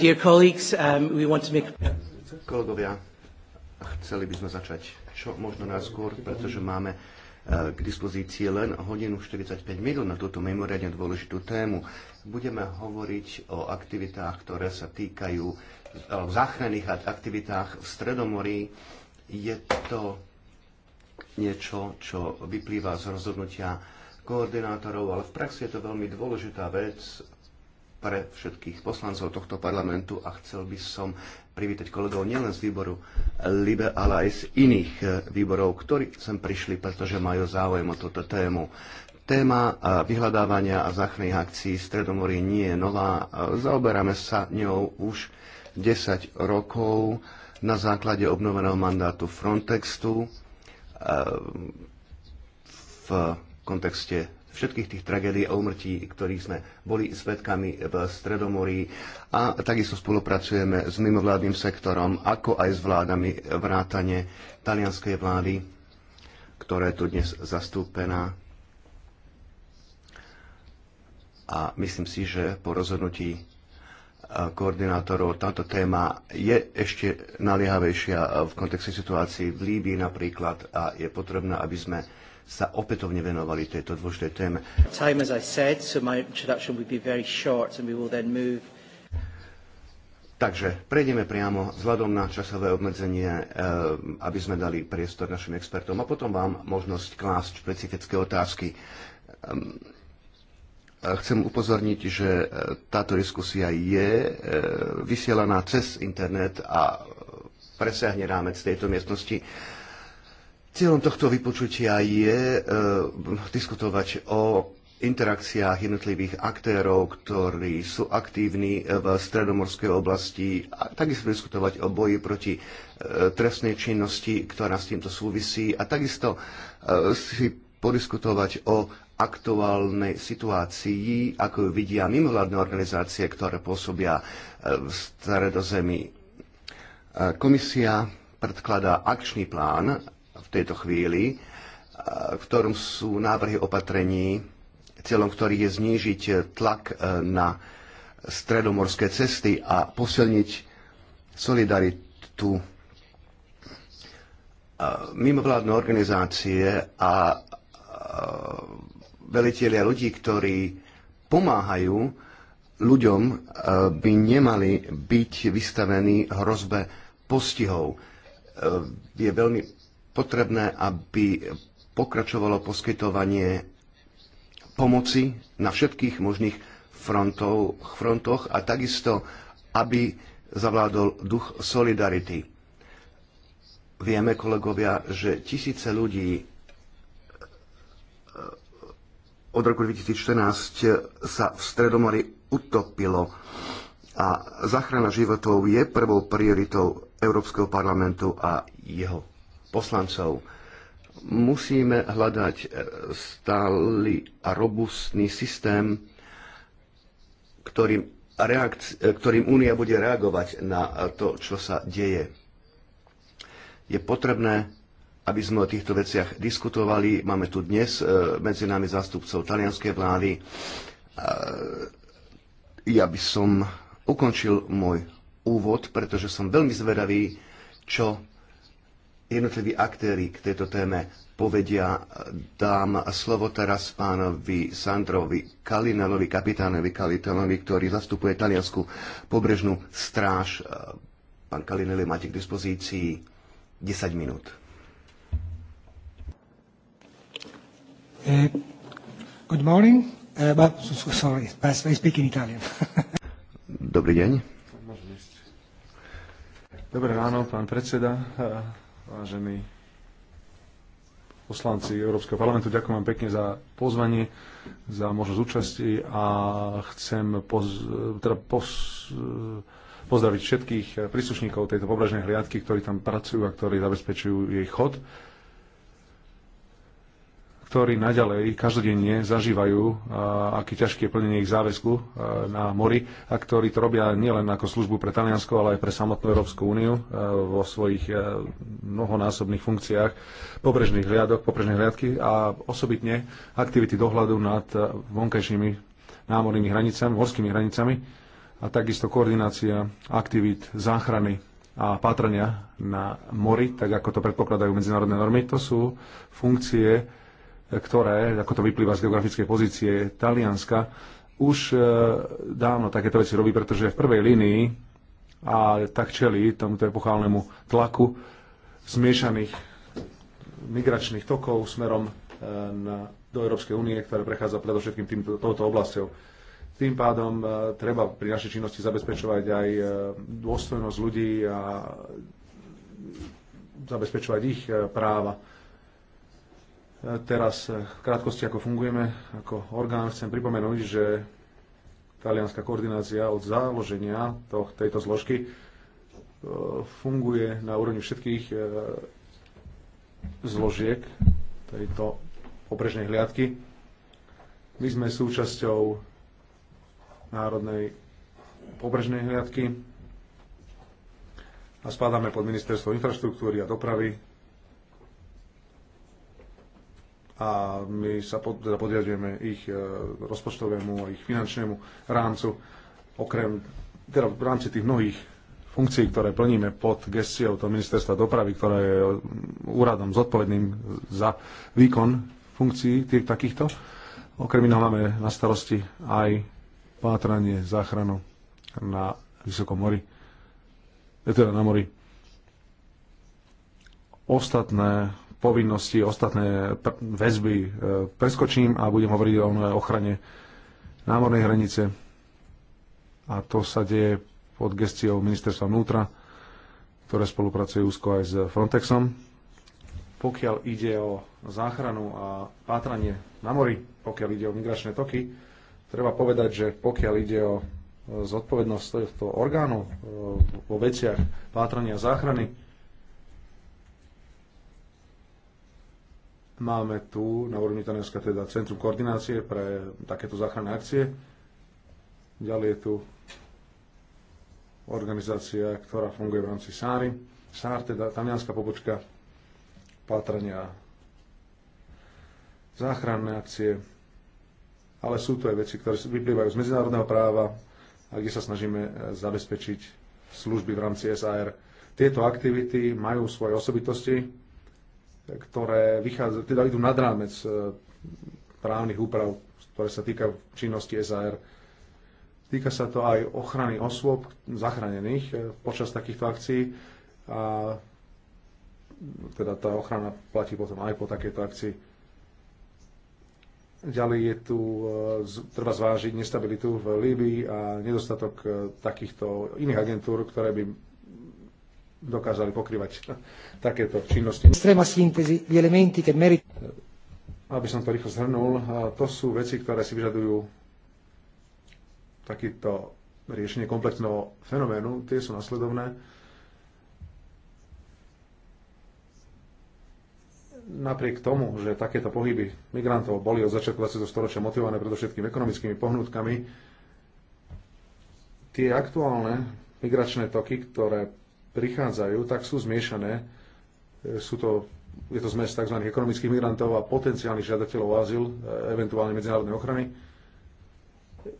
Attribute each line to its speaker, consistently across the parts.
Speaker 1: Dear colleagues, um, we want to make... Kolegovia, chceli by sme začať čo možno najskôr, pretože máme e, k dispozícii len hodinu 45 minút na túto mimoriadne dôležitú tému. Budeme hovoriť o aktivitách, ktoré sa týkajú o záchranných aktivitách v Stredomorí. Je to niečo, čo vyplýva z rozhodnutia koordinátorov, ale v praxi je to veľmi dôležitá vec pre všetkých poslancov tohto parlamentu a chcel by som privítať kolegov nielen z výboru LIBE, ale aj z iných e, výborov, ktorí sem prišli, pretože majú záujem o túto tému. Téma e, vyhľadávania a záchranných akcií v Stredomorí nie je nová. E, zaoberáme sa ňou už 10 rokov na základe obnoveného mandátu Frontextu v kontexte všetkých tých tragédií a umrtí, ktorých sme boli svetkami v Stredomorí a takisto spolupracujeme s mimovládnym sektorom, ako aj s vládami vrátane talianskej vlády, ktorá je tu dnes zastúpená. A myslím si, že po rozhodnutí e, koordinátorov táto téma je ešte naliehavejšia v kontexte situácií v Líbii napríklad a je potrebné, aby sme sa opätovne venovali tejto dôležitej téme. Time, as I said, so my introduction will be very short and we will then move Takže prejdeme priamo vzhľadom na časové obmedzenie, eh, aby sme dali priestor našim expertom a potom vám možnosť klásť špecifické otázky. Ehm, eh, chcem upozorniť, že eh, táto diskusia je vysielaná cez internet a presiahne rámec tejto miestnosti. Cieľom tohto vypočutia je e, diskutovať o interakciách jednotlivých aktérov, ktorí sú aktívni v stredomorskej oblasti a takisto diskutovať o boji proti e, trestnej činnosti, ktorá s týmto súvisí a takisto e, si podiskutovať o aktuálnej situácii, ako ju vidia mimovládne organizácie, ktoré pôsobia e, v stredozemí. E, komisia predkladá akčný plán tejto chvíli, v ktorom sú návrhy opatrení, cieľom ktorých je znížiť tlak e, na stredomorské cesty a posilniť solidaritu e, mimovládne organizácie a velitelia ľudí, ktorí pomáhajú ľuďom, e, by nemali byť vystavení hrozbe postihov. Je veľmi potrebné, aby pokračovalo poskytovanie pomoci na všetkých možných frontov, frontoch a takisto, aby zavládol duch solidarity. Vieme, kolegovia, že tisíce ľudí e, od roku 2014 sa v Stredomori utopilo a záchrana životov je prvou prioritou Európskeho parlamentu a jeho poslancov. Musíme hľadať eh, stály a robustný systém, ktorým, reakci- eh, ktorým Únia bude reagovať na eh, to, čo sa deje. Je potrebné, aby sme o týchto veciach diskutovali. Máme tu dnes medzi nami zástupcov talianskej vlády. Ja by som ukončil môj úvod, pretože som veľmi zvedavý, čo jednotliví aktéry k tejto téme povedia. Dám slovo teraz pánovi Sandrovi Kalinelovi, kapitánovi Kalitelovi, ktorý zastupuje taliansku pobrežnú stráž. Pán Kalinelli, máte k dispozícii 10 minút.
Speaker 2: Eh, good morning. Eh, sorry, speak in Italian.
Speaker 1: Dobrý deň.
Speaker 3: Dobré ráno, pán predseda eh, vážení poslanci Európskeho parlamentu. Ďakujem vám pekne za pozvanie, za možnosť účasti a chcem poz, teda poz, pozdraviť všetkých príslušníkov tejto pobrežnej hliadky, ktorí tam pracujú a ktorí zabezpečujú jej chod ktorí naďalej každodenne zažívajú, aký ťažké je plnenie ich záväzku na mori a ktorí to robia nielen ako službu pre Taliansko, ale aj pre samotnú Európsku úniu vo svojich e, mnohonásobných funkciách pobrežných hliadok, pobrežnej hliadky a osobitne aktivity dohľadu nad e, vonkajšími námornými hranicami, morskými hranicami a takisto koordinácia aktivít záchrany a pátrania na mori, tak ako to predpokladajú medzinárodné normy. To sú funkcie, ktoré, ako to vyplýva z geografickej pozície Talianska, už e, dávno takéto veci robí, pretože v prvej línii a tak čeli tomuto epochálnemu tlaku zmiešaných migračných tokov smerom e, na, do Európskej únie, ktoré prechádza predovšetkým týmto, touto oblasťou. Tým pádom e, treba pri našej činnosti zabezpečovať aj dôstojnosť ľudí a zabezpečovať ich práva Teraz eh, v krátkosti, ako fungujeme ako orgán, chcem pripomenúť, že talianská koordinácia od založenia to, tejto zložky eh, funguje na úrovni všetkých eh, zložiek tejto pobrežnej hliadky. My sme súčasťou Národnej pobrežnej hliadky a spadáme pod Ministerstvo infraštruktúry a dopravy a my sa pod, teda podriadujeme ich e, rozpočtovému a ich finančnému rámcu, okrem teda v rámci tých mnohých funkcií, ktoré plníme pod gestiou toho ministerstva dopravy, ktoré je e, úradom zodpovedným za výkon funkcií tých, takýchto. Okrem iného máme na starosti aj pátranie, záchranu na Vysokom mori, e, teda na mori. Ostatné povinnosti, ostatné väzby e, preskočím a budem hovoriť o ochrane námornej hranice. A to sa deje pod gestiou ministerstva vnútra, ktoré spolupracuje úzko aj s Frontexom. Pokiaľ ide o záchranu a pátranie na mori, pokiaľ ide o migračné toky, treba povedať, že pokiaľ ide o zodpovednosť tohto orgánu e, vo veciach pátrania a záchrany, Máme tu na úrovni Tanianska teda Centrum koordinácie pre takéto záchranné akcie. Ďalej je tu organizácia, ktorá funguje v rámci SARI. SAR, teda talianská pobočka pátrania záchranné akcie, ale sú to aj veci, ktoré vyplývajú z medzinárodného práva a kde sa snažíme e, zabezpečiť služby v rámci SAR. Tieto aktivity majú svoje osobitosti, ktoré vychádza, teda idú nad rámec e, právnych úprav, ktoré sa týkajú činnosti SAR. Týka sa to aj ochrany osôb zachránených e, počas takýchto akcií a teda tá ochrana platí potom aj po takejto akcii. Ďalej je tu, e, treba zvážiť nestabilitu v Líbii a nedostatok takýchto iných agentúr, ktoré by dokázali pokrývať takéto činnosti. Extrema
Speaker 2: syntézy, elementy, keď merit...
Speaker 3: Aby som to rýchlo zhrnul, to sú veci, ktoré si vyžadujú takýto riešenie komplexného fenoménu. Tie sú nasledovné. Napriek tomu, že takéto pohyby migrantov boli od začiatku 20. storočia motivované predovšetkým ekonomickými pohnutkami, tie aktuálne migračné toky, ktoré prichádzajú, tak sú zmiešané. E, sú to, je to zmes tzv. ekonomických migrantov a potenciálnych žiadateľov o azyl, e, eventuálne medzinárodnej ochrany.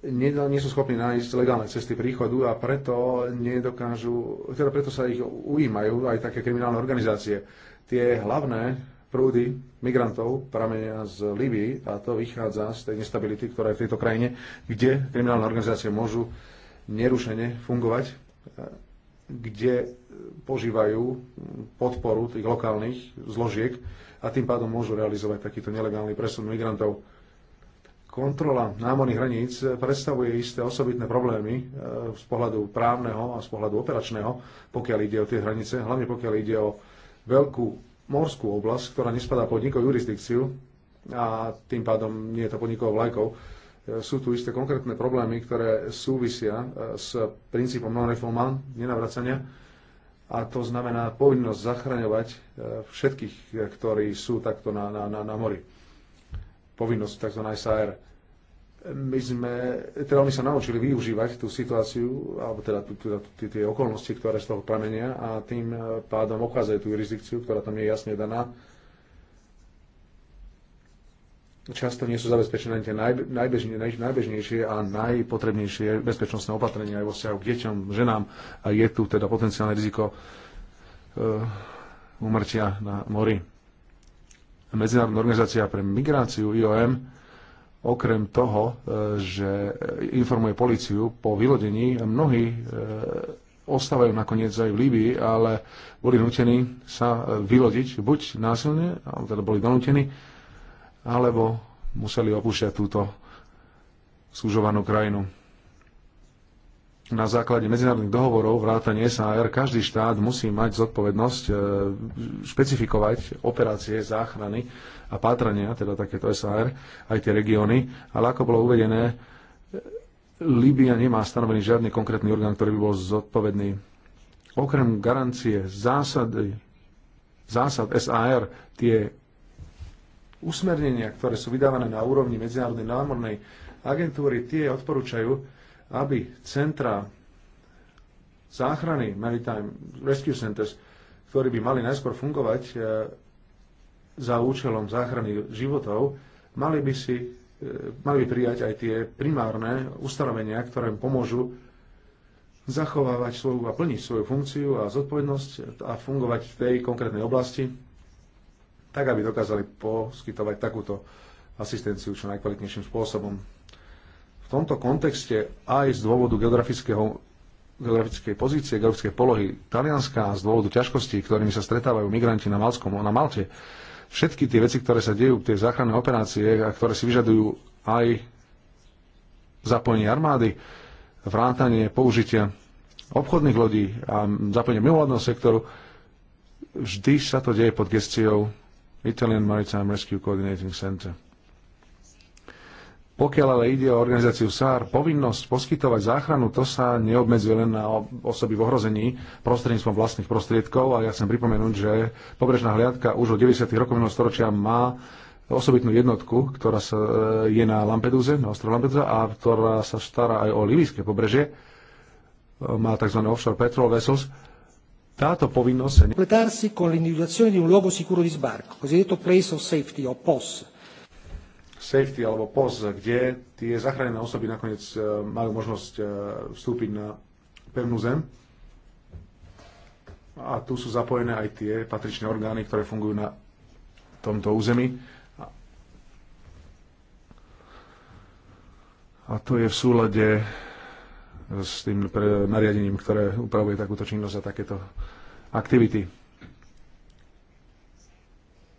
Speaker 3: Nie, nie sú schopní nájsť legálne cesty príchodu a preto nedokážu, teda preto sa ich ujímajú aj také kriminálne organizácie. Tie hlavné prúdy migrantov pramenia z Libii a to vychádza z tej nestability, ktorá je v tejto krajine, kde kriminálne organizácie môžu nerušene fungovať, e, kde požívajú podporu tých lokálnych zložiek a tým pádom môžu realizovať takýto nelegálny presun migrantov. Kontrola námorných hraníc predstavuje isté osobitné problémy e, z pohľadu právneho a z pohľadu operačného, pokiaľ ide o tie hranice, hlavne pokiaľ ide o veľkú morskú oblasť, ktorá nespadá pod nikou jurisdikciu a tým pádom nie je to pod nikou vlajkou e, sú tu isté konkrétne problémy, ktoré súvisia e, s princípom non-refoulement, nenavracania, a to znamená povinnosť zachraňovať e, všetkých, e, ktorí sú takto na, na, na, na mori. Povinnosť tzv. SAR. My sme, teda oni sa naučili využívať tú situáciu, alebo teda, teda tie okolnosti, ktoré z toho pramenia a tým pádom obchádzajú tú jurisdikciu, ktorá tam je jasne daná často nie sú zabezpečené tie najbežne, najbežnejšie a najpotrebnejšie bezpečnostné opatrenia aj vo vzťahu k deťom, ženám a je tu teda potenciálne riziko e, umrtia na mori. Medzinárodná organizácia pre migráciu IOM okrem toho, e, že informuje policiu po vylodení, mnohí e, ostávajú nakoniec aj v Líbii, ale boli nutení sa vylodiť buď násilne, alebo teda boli donútení, alebo museli opúšťať túto súžovanú krajinu. Na základe medzinárodných dohovorov vrátane SAR každý štát musí mať zodpovednosť e, špecifikovať operácie záchrany a pátrania, teda takéto SAR, aj tie regióny. Ale ako bolo uvedené, e, Líbia nemá stanovený žiadny konkrétny orgán, ktorý by bol zodpovedný. Okrem garancie zásady, zásad SAR, tie Usmernenia, ktoré sú vydávané na úrovni Medzinárodnej námornej agentúry, tie odporúčajú, aby centra záchrany Maritime Rescue Centers, ktorí by mali najskôr fungovať e, za účelom záchrany životov, mali by, si, e, mali by prijať aj tie primárne ustanovenia, ktoré pomôžu zachovávať svoju a plniť svoju funkciu a zodpovednosť a fungovať v tej konkrétnej oblasti, tak aby dokázali poskytovať takúto asistenciu čo najkvalitnejším spôsobom. V tomto kontexte aj z dôvodu geografického geografickej pozície, geografickej polohy Talianska z dôvodu ťažkostí, ktorými sa stretávajú migranti na, Malskom, na Malte, všetky tie veci, ktoré sa dejú, tie záchranné operácie, a ktoré si vyžadujú aj zapojenie armády, vrátanie použitia obchodných lodí a zapojenie mimovládneho sektoru, vždy sa to deje pod gestiou Italian Maritime Rescue Coordinating Center. Pokiaľ ale ide o organizáciu SAR, povinnosť poskytovať záchranu, to sa neobmedzuje len na osoby v ohrození prostredníctvom vlastných prostriedkov. A ja chcem pripomenúť, že pobrežná hliadka už od 90. rokov minulého storočia má osobitnú jednotku, ktorá sa, e, je na Lampeduze, na ostrove Lampeduza, a ktorá sa stará aj o libijské pobrežie. E, má tzv. offshore patrol vessels, táto povinnosť... sa con safety, alebo POS, kde tie zachránené osoby nakoniec e, majú možnosť e, vstúpiť na pevnú zem. A tu sú zapojené aj tie patričné orgány, ktoré fungujú na tomto území. A to je v súlade s tým nariadením, ktoré upravuje takúto činnosť a takéto aktivity.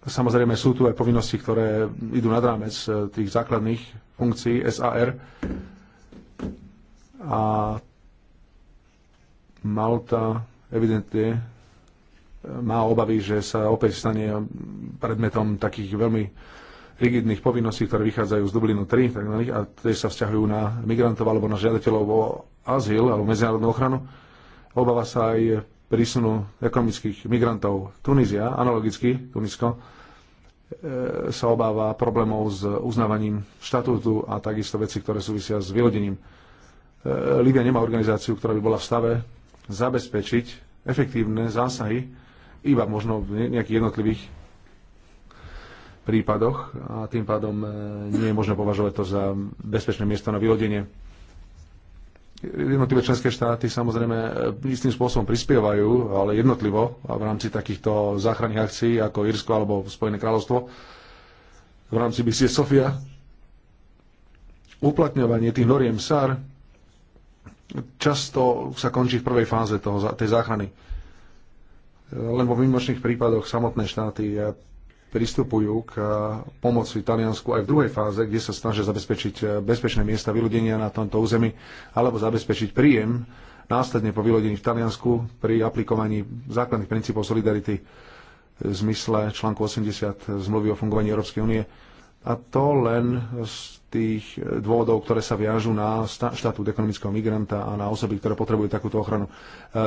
Speaker 3: Samozrejme sú tu aj povinnosti, ktoré idú nad rámec eh, tých základných funkcií SAR. A Malta evidentne eh, má obavy, že sa opäť stane predmetom takých veľmi rigidných povinností, ktoré vychádzajú z Dublinu 3 tak na nich, a tie sa vzťahujú na migrantov alebo na žiadateľov o azyl alebo medzinárodnú ochranu. Obáva sa aj prísunu ekonomických migrantov. Tunízia, analogicky Tunisko, e, sa obáva problémov s uznávaním štatútu a takisto veci, ktoré súvisia s vylodením. E, Líbia nemá organizáciu, ktorá by bola v stave zabezpečiť efektívne zásahy, iba možno v nejakých jednotlivých prípadoch a tým pádom e, nie je možné považovať to za bezpečné miesto na vylodenie Jednotlivé členské štáty samozrejme e, istým spôsobom prispievajú, ale jednotlivo v rámci takýchto záchranných akcií ako Irsko alebo Spojené kráľovstvo v rámci BC Sofia. Uplatňovanie tých noriem SAR často sa končí v prvej fáze toho, tej záchrany. E, len vo výmočných prípadoch samotné štáty pristupujú k eh, pomoci Taliansku aj v druhej fáze, kde sa snažia zabezpečiť eh, bezpečné miesta vylodenia na tomto území alebo zabezpečiť príjem následne po vylodení v Taliansku pri aplikovaní základných princípov solidarity v zmysle článku 80 zmluvy o fungovaní Európskej únie a to len z tých dôvodov, ktoré sa viažú na štatút ekonomického migranta a na osoby, ktoré potrebujú takúto ochranu. E,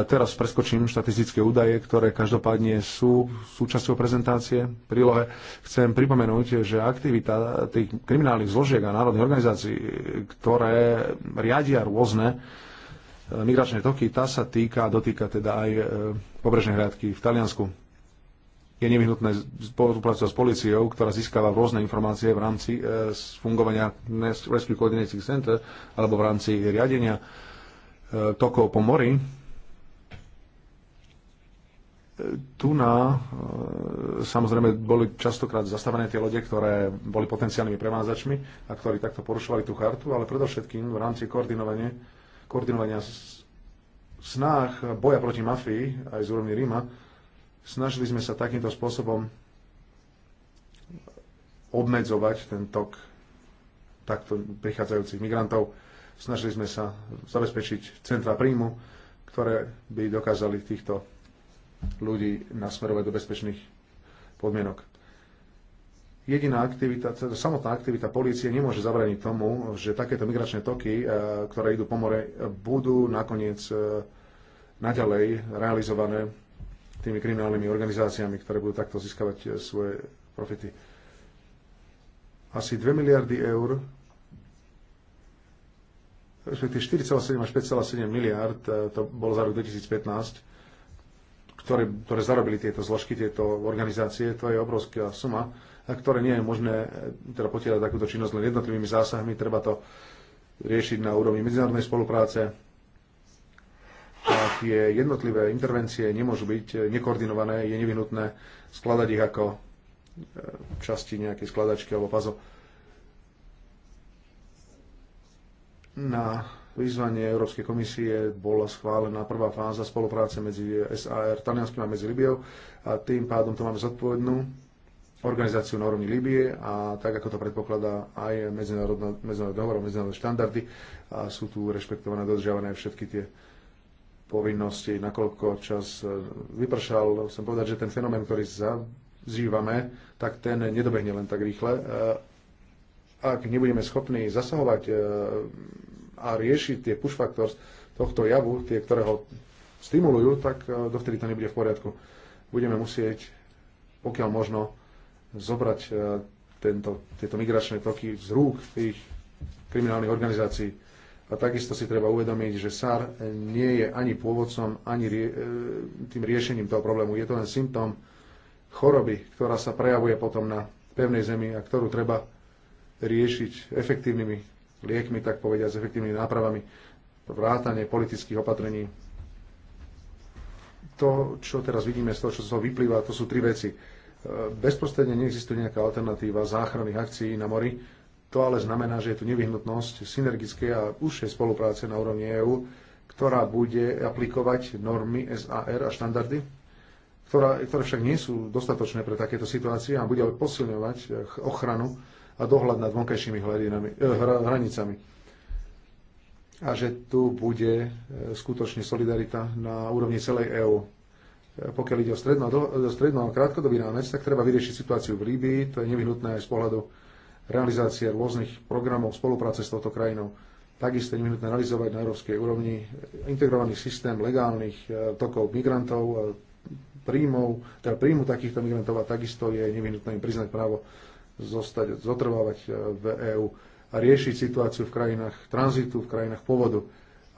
Speaker 3: teraz preskočím štatistické údaje, ktoré každopádne sú súčasťou prezentácie prílohe. Chcem pripomenúť, že aktivita tých kriminálnych zložiek a národných organizácií, ktoré riadia rôzne e, migračné toky, tá sa týka, dotýka teda aj e, pobrežnej hriadky v Taliansku je nevyhnutné spolupracovať s policiou, ktorá získava rôzne informácie v rámci e, fungovania Rescue Coordinating Center alebo v rámci riadenia e, tokov po mori. E, tu na, samozrejme, boli častokrát zastavené tie lode, ktoré boli potenciálnymi prevádzačmi a ktorí takto porušovali tú chartu, ale predovšetkým v rámci koordinovania, koordinovania snách boja proti mafii aj z úrovni Ríma, Snažili sme sa takýmto spôsobom obmedzovať ten tok takto prichádzajúcich migrantov. Snažili sme sa zabezpečiť centra príjmu, ktoré by dokázali týchto ľudí nasmerovať do bezpečných podmienok. Jediná aktivita, teda samotná aktivita polície nemôže zabraniť tomu, že takéto migračné toky, e, ktoré idú po more, budú nakoniec e, naďalej realizované tými kriminálnymi organizáciami, ktoré budú takto získavať e, svoje profity. Asi 2 miliardy eur, respektíve 4,7 až 5,7 miliard, e, to bolo za rok 2015, ktoré, ktoré zarobili tieto zložky, tieto organizácie, to je obrovská suma, e, ktoré nie je možné teda potierať takúto činnosť len jednotlivými zásahmi, treba to riešiť na úrovni medzinárodnej spolupráce, tie jednotlivé intervencie nemôžu byť eh, nekoordinované, je nevyhnutné skladať ich ako eh, časti nejakej skladačky alebo pazo. Na vyzvanie Európskej komisie bola schválená prvá fáza spolupráce medzi SAR Talianským a medzi Libiou a tým pádom to máme zodpovednú organizáciu na úrovni Líbie a tak, ako to predpokladá aj medzinárodná dohovor, medzinárodné štandardy a sú tu rešpektované, dodržiavané všetky tie povinnosti, nakoľko čas e, vypršal. Chcem povedať, že ten fenomén, ktorý zažívame, tak ten nedobehne len tak rýchle. E, ak nebudeme schopní zasahovať e, a riešiť tie push factors tohto javu, tie, ktoré ho stimulujú, tak dovtedy to nebude v poriadku. Budeme musieť, pokiaľ možno, zobrať tento, tieto migračné toky z rúk tých kriminálnych organizácií a takisto si treba uvedomiť, že SAR nie je ani pôvodcom, ani rie, e, tým riešením toho problému. Je to len symptóm choroby, ktorá sa prejavuje potom na pevnej zemi a ktorú treba riešiť efektívnymi liekmi, tak povediať, s efektívnymi nápravami, vrátanie politických opatrení. To, čo teraz vidíme z toho, čo sa vyplýva, to sú tri veci. E, bezprostredne neexistuje nejaká alternatíva záchranných akcií na mori to ale znamená, že je tu nevyhnutnosť synergickej a užšej spolupráce na úrovni EÚ, ktorá bude aplikovať normy SAR a štandardy, ktorá, ktoré však nie sú dostatočné pre takéto situácie a bude posilňovať ochranu a dohľad nad vonkajšími eh, hranicami. A že tu bude eh, skutočne solidarita na úrovni celej EÚ pokiaľ ide o stredno, do, stredno a krátkodobý rámec, tak treba vyriešiť situáciu v Líbii, to je nevyhnutné aj z pohľadu realizácie rôznych programov spolupráce s touto krajinou. Takisto je nevyhnutné realizovať na európskej úrovni integrovaný systém legálnych e, tokov migrantov, e, príjmov, teda príjmu takýchto migrantov a takisto je nevyhnutné im priznať právo zostať, zotrvávať e, v EÚ a riešiť situáciu v krajinách tranzitu, v krajinách pôvodu.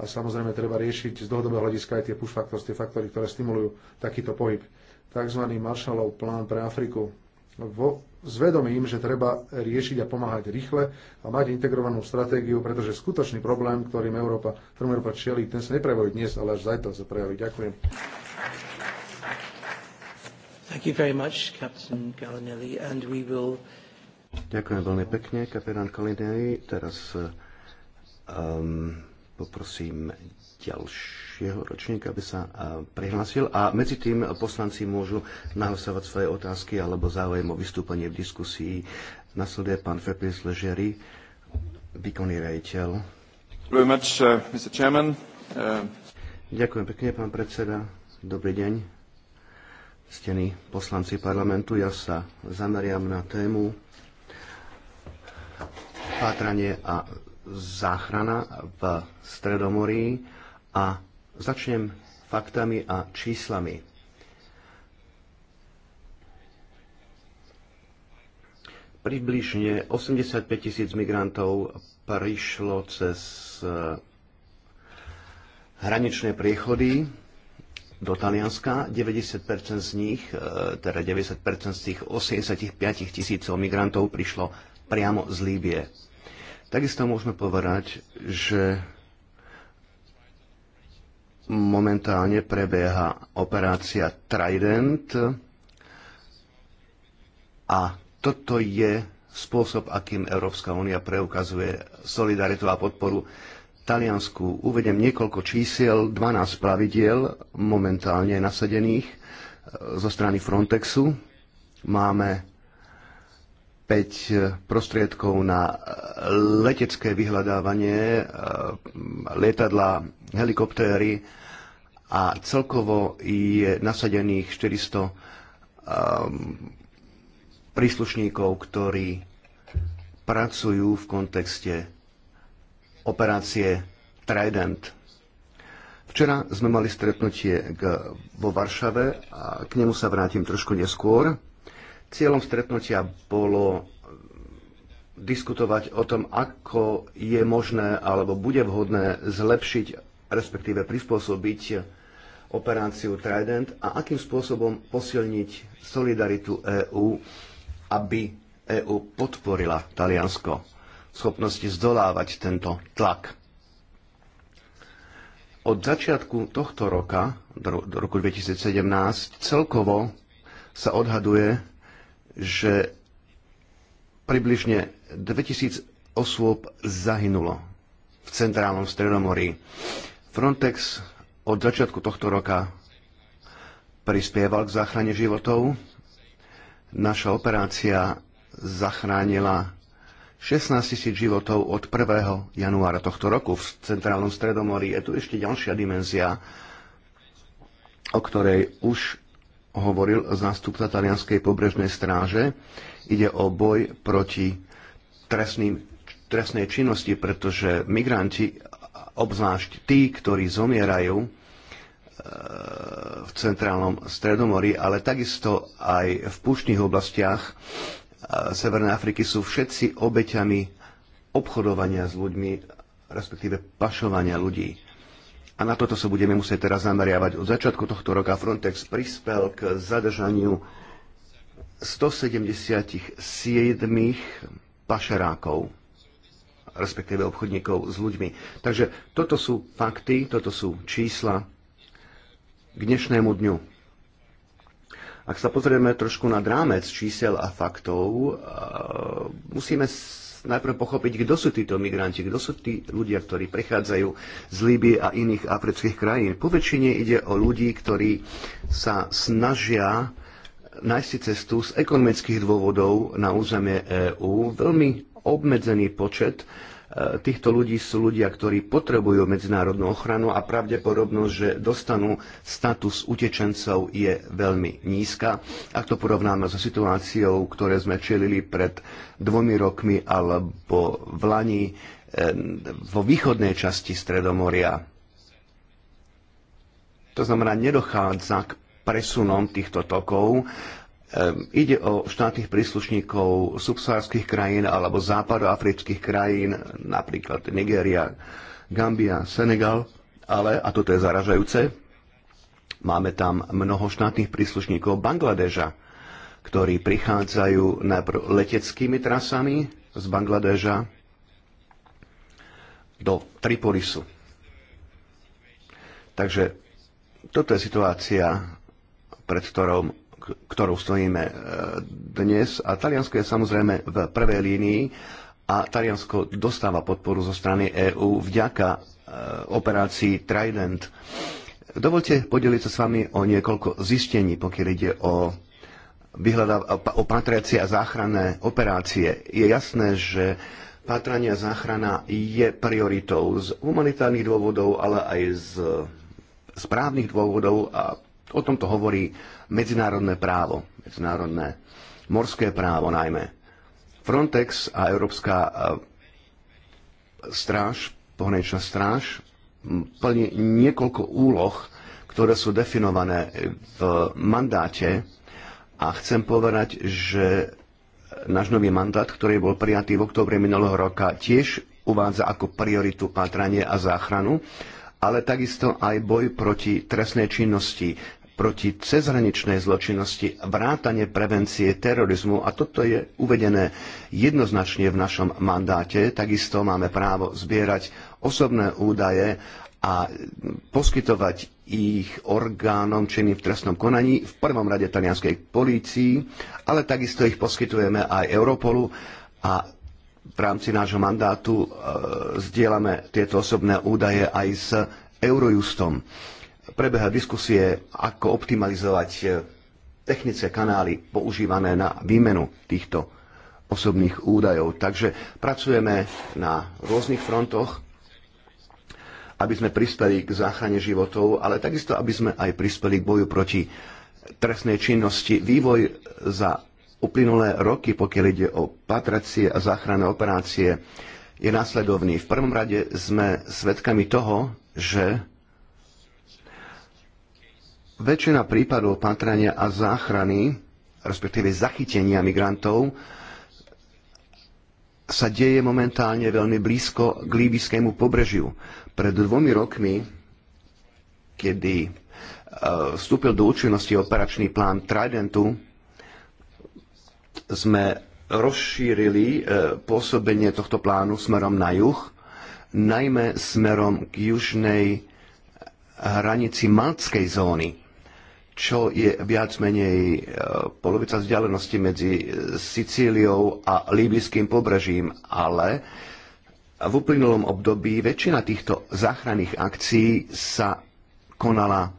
Speaker 3: A samozrejme treba riešiť z dlhodobého hľadiska aj tie push factors, tie faktory, ktoré stimulujú takýto pohyb. Takzvaný Marshallov plán pre Afriku. Vo Zvedomím, že treba riešiť a pomáhať rýchle a mať integrovanú stratégiu, pretože skutočný problém, ktorým Európa, ktorým Európa čelí, ten sa neprejaví dnes, ale až zajtra sa prejaví. Ďakujem. Thank you very much,
Speaker 2: Captain and we will...
Speaker 1: Ďakujem veľmi pekne, kapitán Kalinelli. Teraz eh, um, poprosím ďalšieho ročníka, aby sa prihlásil. A medzi tým poslanci môžu nahlasovať svoje otázky alebo záujem o vystúpenie v diskusii. Nasleduje pán Fepis Ležery, výkonný rejiteľ. Uh, uh, Ďakujem pekne, pán predseda. Dobrý deň, stení poslanci parlamentu. Ja sa zameriam na tému pátranie a záchrana v Stredomorí a začnem faktami a číslami. Približne 85 tisíc migrantov prišlo cez e, hraničné priechody do Talianska. 90% z nich, e, teda 90% z tých 85 tisícov migrantov prišlo priamo z Líbie. Takisto môžeme povedať, že momentálne prebieha operácia Trident a toto je spôsob, akým Európska únia preukazuje solidaritu a podporu Taliansku. Uvedem niekoľko čísiel, 12 pravidiel momentálne nasadených eh, zo strany Frontexu. Máme 5 prostriedkov na letecké vyhľadávanie, eh, lietadla, helikoptéry a celkovo je nasadených 400 eh, príslušníkov, ktorí pracujú v kontexte operácie Trident. Včera sme mali stretnutie k, vo Varšave a k nemu sa vrátim trošku neskôr. Cieľom stretnutia bolo diskutovať o tom, ako je možné alebo bude vhodné zlepšiť, respektíve prispôsobiť operáciu Trident a akým spôsobom posilniť solidaritu EÚ, aby EÚ podporila Taliansko v schopnosti zdolávať tento tlak. Od začiatku tohto roka, do roku 2017, celkovo sa odhaduje, že približne 2000 osôb zahynulo v centrálnom Stredomorí. Frontex od začiatku tohto roka prispieval k záchrane životov. Naša operácia zachránila 16 tisíc životov od 1. januára tohto roku v centrálnom Stredomorí. Je tu ešte ďalšia dimenzia, o ktorej už hovoril zástupca talianskej pobrežnej stráže. Ide o boj proti trestným, trestnej činnosti, pretože migranti, obzvlášť tí, ktorí zomierajú e, v centrálnom Stredomorí, ale takisto aj v púštnych oblastiach e, Severnej Afriky sú všetci obeťami obchodovania s ľuďmi, respektíve pašovania ľudí. A na toto sa budeme musieť teraz zameriavať. Od začiatku tohto roka Frontex prispel k zadržaniu 177 pašerákov, respektíve obchodníkov s ľuďmi. Takže toto sú fakty, toto sú čísla k dnešnému dňu. Ak sa pozrieme trošku na drámec čísel a faktov, musíme najprv pochopiť, kto sú títo migranti, kto sú tí ľudia, ktorí prechádzajú z Líbie a iných afrických krajín. Po väčšine ide o ľudí, ktorí sa snažia nájsť si cestu z ekonomických dôvodov na územie EÚ. Veľmi obmedzený počet E, týchto ľudí sú ľudia, ktorí potrebujú medzinárodnú ochranu a pravdepodobnosť, že dostanú status utečencov je veľmi nízka. Ak to porovnáme so situáciou, ktoré sme čelili pred dvomi rokmi alebo v Lani e, vo východnej časti Stredomoria. To znamená, nedochádza k presunom týchto tokov Ehm, ide o štátnych príslušníkov subsárských krajín alebo západoafrických krajín, napríklad Nigéria, Gambia, Senegal, ale, a toto je zaražajúce, máme tam mnoho štátnych príslušníkov Bangladeža, ktorí prichádzajú najprv leteckými trasami z Bangladeža do Tripolisu. Takže toto je situácia, pred ktorou ktorou stojíme e, dnes. A Taliansko je samozrejme v prvej línii a Taliansko dostáva podporu zo strany EÚ vďaka e, operácii Trident. Dovolte podeliť sa s vami o niekoľko zistení, pokiaľ ide o o patriacie a záchranné operácie. Je jasné, že Pátranie a záchrana je prioritou z humanitárnych dôvodov, ale aj z správnych dôvodov a O tomto hovorí medzinárodné právo, medzinárodné morské právo najmä. Frontex a Európska eh, stráž, pohraničná stráž, plní niekoľko úloh, ktoré sú definované v mandáte a chcem povedať, že eh, náš nový mandát, ktorý bol prijatý v oktobre minulého roka, tiež uvádza ako prioritu pátranie a záchranu ale takisto aj boj proti trestnej činnosti, proti cezhraničnej zločinnosti, vrátane prevencie terorizmu a toto je uvedené jednoznačne v našom mandáte. Takisto máme právo zbierať osobné údaje a poskytovať ich orgánom činným v trestnom konaní, v prvom rade talianskej polícii, ale takisto ich poskytujeme aj Europolu a v rámci nášho mandátu e, zdieľame tieto osobné údaje aj s Eurojustom. E, prebieha diskusie, ako optimalizovať e, technické kanály používané na výmenu týchto osobných údajov. Takže pracujeme na rôznych frontoch, aby sme prispeli k záchrane životov, ale takisto, aby sme aj prispeli k boju proti trestnej činnosti. Vývoj za uplynulé roky, pokiaľ ide o patracie a záchranné operácie, je následovný. V prvom rade sme svedkami toho, že Väčšina prípadov patrania a záchrany, respektíve zachytenia migrantov, sa deje momentálne veľmi blízko k líbyskému pobrežiu. Pred dvomi rokmi, kedy e, vstúpil do účinnosti operačný plán Tridentu, sme rozšírili e, pôsobenie tohto plánu smerom na juh, najmä smerom k južnej hranici Malckej zóny čo je viac menej e, polovica vzdialenosti medzi e, Sicíliou a líbyským pobrežím, ale v uplynulom období väčšina týchto záchranných akcií sa konala e,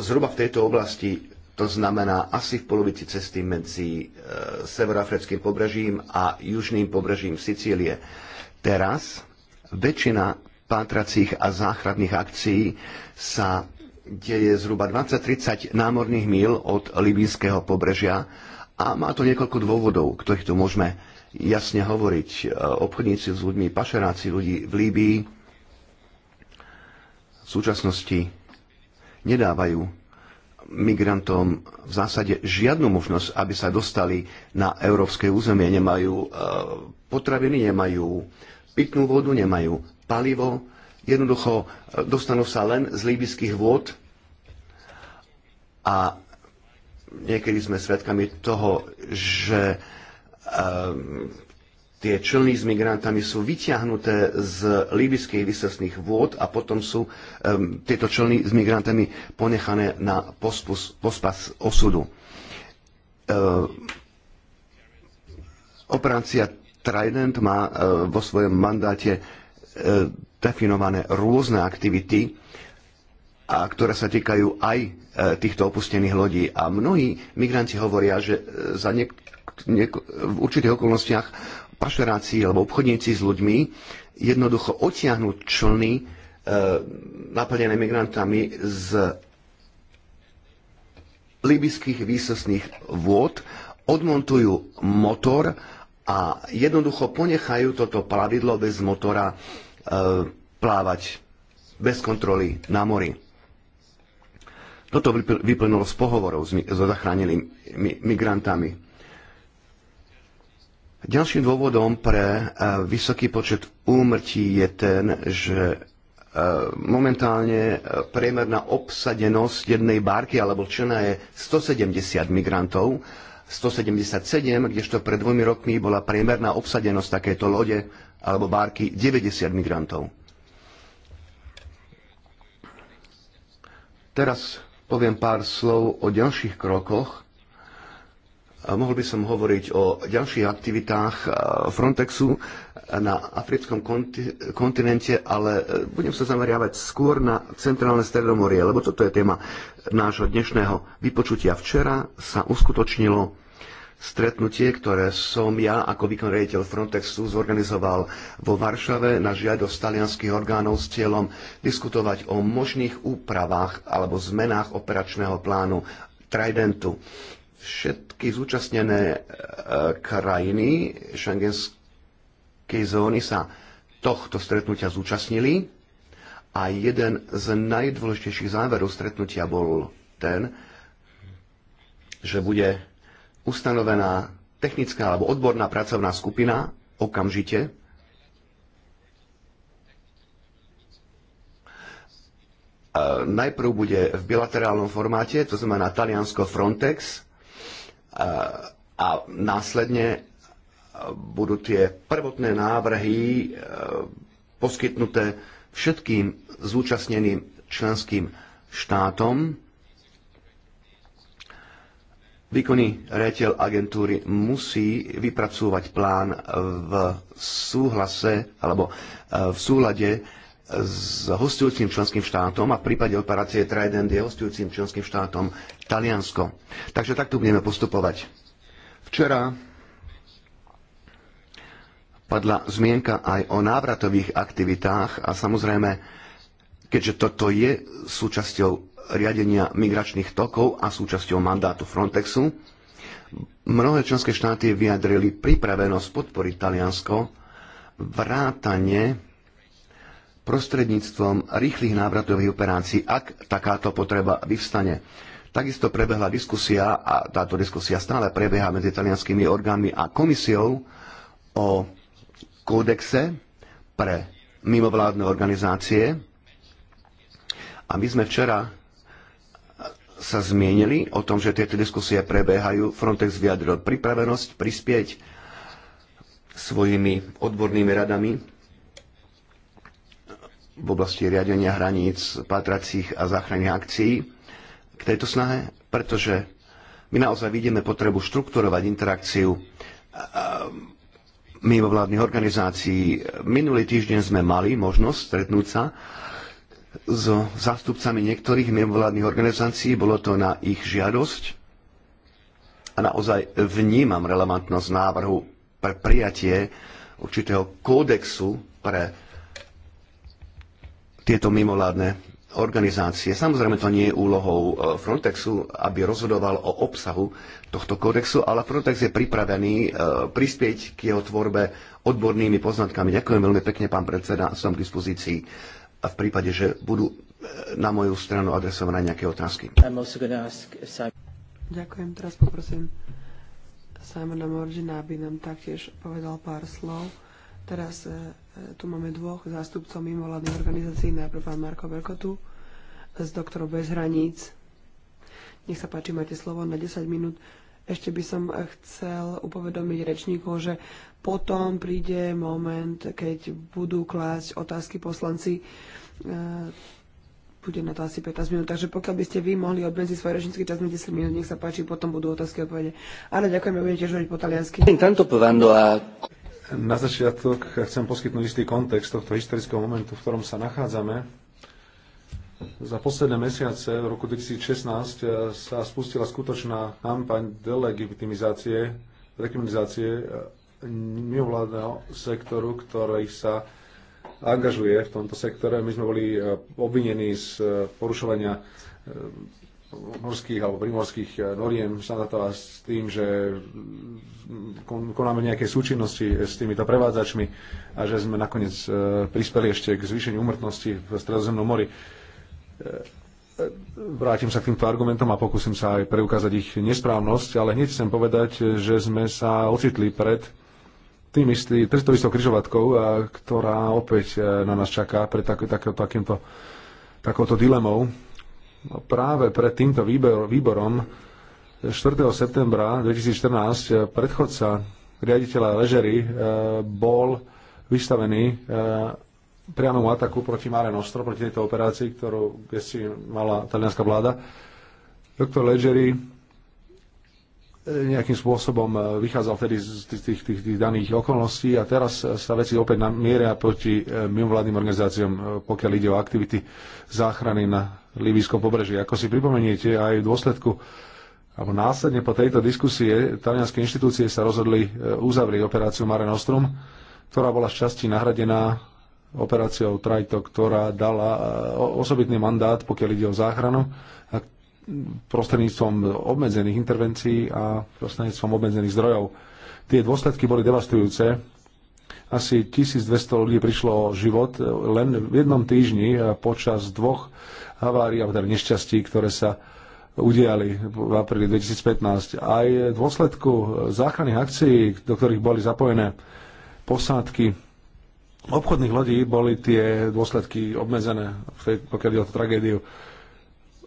Speaker 1: zhruba v tejto oblasti, to znamená asi v polovici cesty medzi severoafrickým pobrežím a južným pobrežím Sicílie. Teraz väčšina pátracích a záchranných akcií sa kde je zhruba 20-30 námorných míl od libýskeho pobrežia a má to niekoľko dôvodov, ktorých tu môžeme jasne hovoriť. E, obchodníci s ľuďmi, pašeráci ľudí v Líbii v súčasnosti nedávajú migrantom v zásade žiadnu možnosť, aby sa dostali na európske územie. Nemajú e, potraviny, nemajú pitnú vodu, nemajú palivo, Jednoducho e, dostanú sa len z líbyských vôd a niekedy sme svedkami toho, že um, tie člny s migrantami sú vyťahnuté z líbyských vysesných vôd a potom sú um, tieto člny s migrantami ponechané na pospus, pospas osudu. Uh, operácia Trident má uh, vo svojom mandáte uh, definované rôzne aktivity, a ktoré sa týkajú aj e, týchto opustených lodí. A mnohí migranti hovoria, že e, za niek- niek- v určitých okolnostiach pašeráci alebo obchodníci s ľuďmi jednoducho odtiahnú člny e, naplnené migrantami z libyských výsostných vôd, odmontujú motor a jednoducho ponechajú toto plavidlo bez motora E, plávať bez kontroly na mori. Toto vyplynulo z pohovorov so zachránenými migrantami. Ďalším dôvodom pre e, vysoký počet úmrtí je ten, že e, momentálne priemerná obsadenosť jednej bárky alebo člena je 170 migrantov, 177, kdežto pred dvomi rokmi bola priemerná obsadenosť takéto lode alebo bárky 90 migrantov. Teraz poviem pár slov o ďalších krokoch. Mohol by som hovoriť o ďalších aktivitách Frontexu na africkom kontinente, ale e, budem sa zameriavať skôr na centrálne stredomorie, lebo toto je téma nášho dnešného vypočutia. Včera sa uskutočnilo Stretnutie, ktoré som ja ako výkon rejiteľ Frontexu zorganizoval vo Varšave na žiadosť talianských orgánov s cieľom diskutovať o možných úpravách alebo zmenách operačného plánu Tridentu. Všetky zúčastnené e, krajiny šangenskej zóny sa tohto stretnutia zúčastnili a jeden z najdôležitejších záverov stretnutia bol ten, že bude ustanovená technická alebo odborná pracovná skupina okamžite e, najprv bude v bilaterálnom formáte, to znamená Taliansko Frontex e, a následne e, budú tie prvotné návrhy poskytnuté všetkým zúčastneným členským štátom Výkonný riaditeľ agentúry musí vypracúvať plán v súhlase alebo e, v súlade s hostujúcim členským štátom a v prípade operácie Trident je hostujúcim členským štátom Taliansko. Takže takto budeme postupovať. Včera padla zmienka aj o návratových aktivitách a samozrejme, keďže toto je súčasťou riadenia migračných tokov a súčasťou mandátu Frontexu. Mnohé členské štáty vyjadrili pripravenosť podporiť Taliansko vrátane prostredníctvom rýchlych návratových operácií, ak takáto potreba vyvstane. Takisto prebehla diskusia, a táto diskusia stále prebieha medzi italianskými orgánmi a komisiou o kódexe pre mimovládne organizácie. A my sme včera sa zmienili o tom, že tieto diskusie prebiehajú. Frontex vyjadril pripravenosť prispieť svojimi odbornými radami v oblasti riadenia hraníc, pátracích a záchranných akcií k tejto snahe, pretože my naozaj vidíme potrebu štrukturovať interakciu mimovládnych organizácií. Minulý týždeň sme mali možnosť stretnúť sa so zástupcami niektorých mimovládnych organizácií, bolo to na ich žiadosť a naozaj vnímam relevantnosť návrhu pre prijatie určitého kódexu pre tieto mimovládne organizácie. Samozrejme, to nie je úlohou e, Frontexu, aby rozhodoval o obsahu tohto kódexu, ale Frontex je pripravený e, prispieť k jeho tvorbe odbornými poznatkami. Ďakujem veľmi pekne, pán predseda, som k dispozícii a v prípade, že budú e, na moju stranu adresované nejaké otázky.
Speaker 2: Ďakujem, teraz poprosím Simona Morgina, aby nám taktiež povedal pár slov. Teraz e, e, tu máme dvoch zástupcov mimovládnej organizácií, najprv pán Marko Berkotu s doktorom Bez hraníc. Nech sa páči, máte slovo na 10 minút. Ešte by som chcel upovedomiť rečníkov, že potom príde moment, keď budú klásť otázky poslanci. E, bude na to asi 15 minút, takže pokiaľ by ste vy mohli obmedziť svoj rečnícky čas na 10 minút, nech sa páči, potom budú otázky a odpovede. Ale ďakujem, ja budem tiež hovoriť po taliansky.
Speaker 3: Na začiatok chcem poskytnúť istý kontext tohto historického momentu, v ktorom sa nachádzame za posledné mesiace v roku 2016 eh, sa spustila skutočná kampaň delegitimizácie, rekriminalizácie eh, mimovládneho sektoru, ktorý sa angažuje v tomto sektore. My sme boli eh, obvinení z porušovania morských alebo primorských noriem štandardov a s tým, že mm, konáme nejaké súčinnosti s týmito prevádzačmi a že sme nakoniec prispeli ešte k zvýšeniu umrtnosti v Stredozemnom mori vrátim sa k týmto argumentom a pokúsim sa aj preukázať ich nesprávnosť, ale hneď chcem povedať, že sme sa ocitli pred tým istý, pred tou istou križovatkou, ktorá opäť e, na nás čaká pred tak, tak, takýmto, takouto dilemou. No práve pred týmto výbor, výborom 4. septembra 2014 predchodca riaditeľa Ležery e, bol vystavený e, priamom ataku proti Mare Nostro, proti tejto operácii, ktorú si mala talianská vláda. Doktor Leggeri eh, nejakým spôsobom eh, vychádzal vtedy z tých, tých, tých, tých daných okolností a teraz eh, sa veci opäť namieria proti mimovládnym organizáciám, pokiaľ ide o aktivity záchrany na Libijskom pobreží. Ako si pripomeniete, aj v dôsledku alebo následne po tejto diskusie talianské inštitúcie sa rozhodli uzavrieť operáciu Mare Nostrum, ktorá bola z časti nahradená operáciou Trajto, ktorá dala e, osobitný mandát, pokiaľ ide o záchranu, a prostredníctvom obmedzených intervencií a prostredníctvom obmedzených zdrojov. Tie dôsledky boli devastujúce. Asi 1200 ľudí prišlo o život e, len v jednom týždni e, počas dvoch havárií, alebo teda nešťastí, ktoré sa udiali v apríli 2015. Aj v dôsledku záchranných akcií, do ktorých boli zapojené posádky obchodných lodí boli tie dôsledky obmedzené, pokiaľ ide o tragédiu.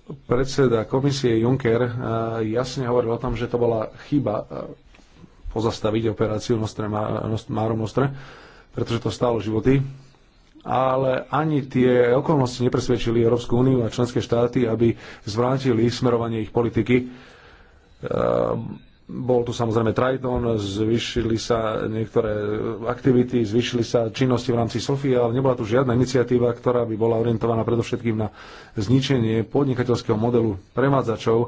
Speaker 3: Predseda komisie Juncker eh, jasne hovoril o tom, že to bola chyba eh, pozastaviť operáciu Nostre, Márom Nostre, pretože to stálo životy. Ale ani tie okolnosti nepresvedčili Európsku úniu a členské štáty, aby zvrátili smerovanie ich politiky eh, bol tu samozrejme Triton, zvyšili sa niektoré aktivity, zvyšili sa činnosti v rámci Sofie, ale nebola tu žiadna iniciatíva, ktorá by bola orientovaná predovšetkým na zničenie podnikateľského modelu prevádzačov, e,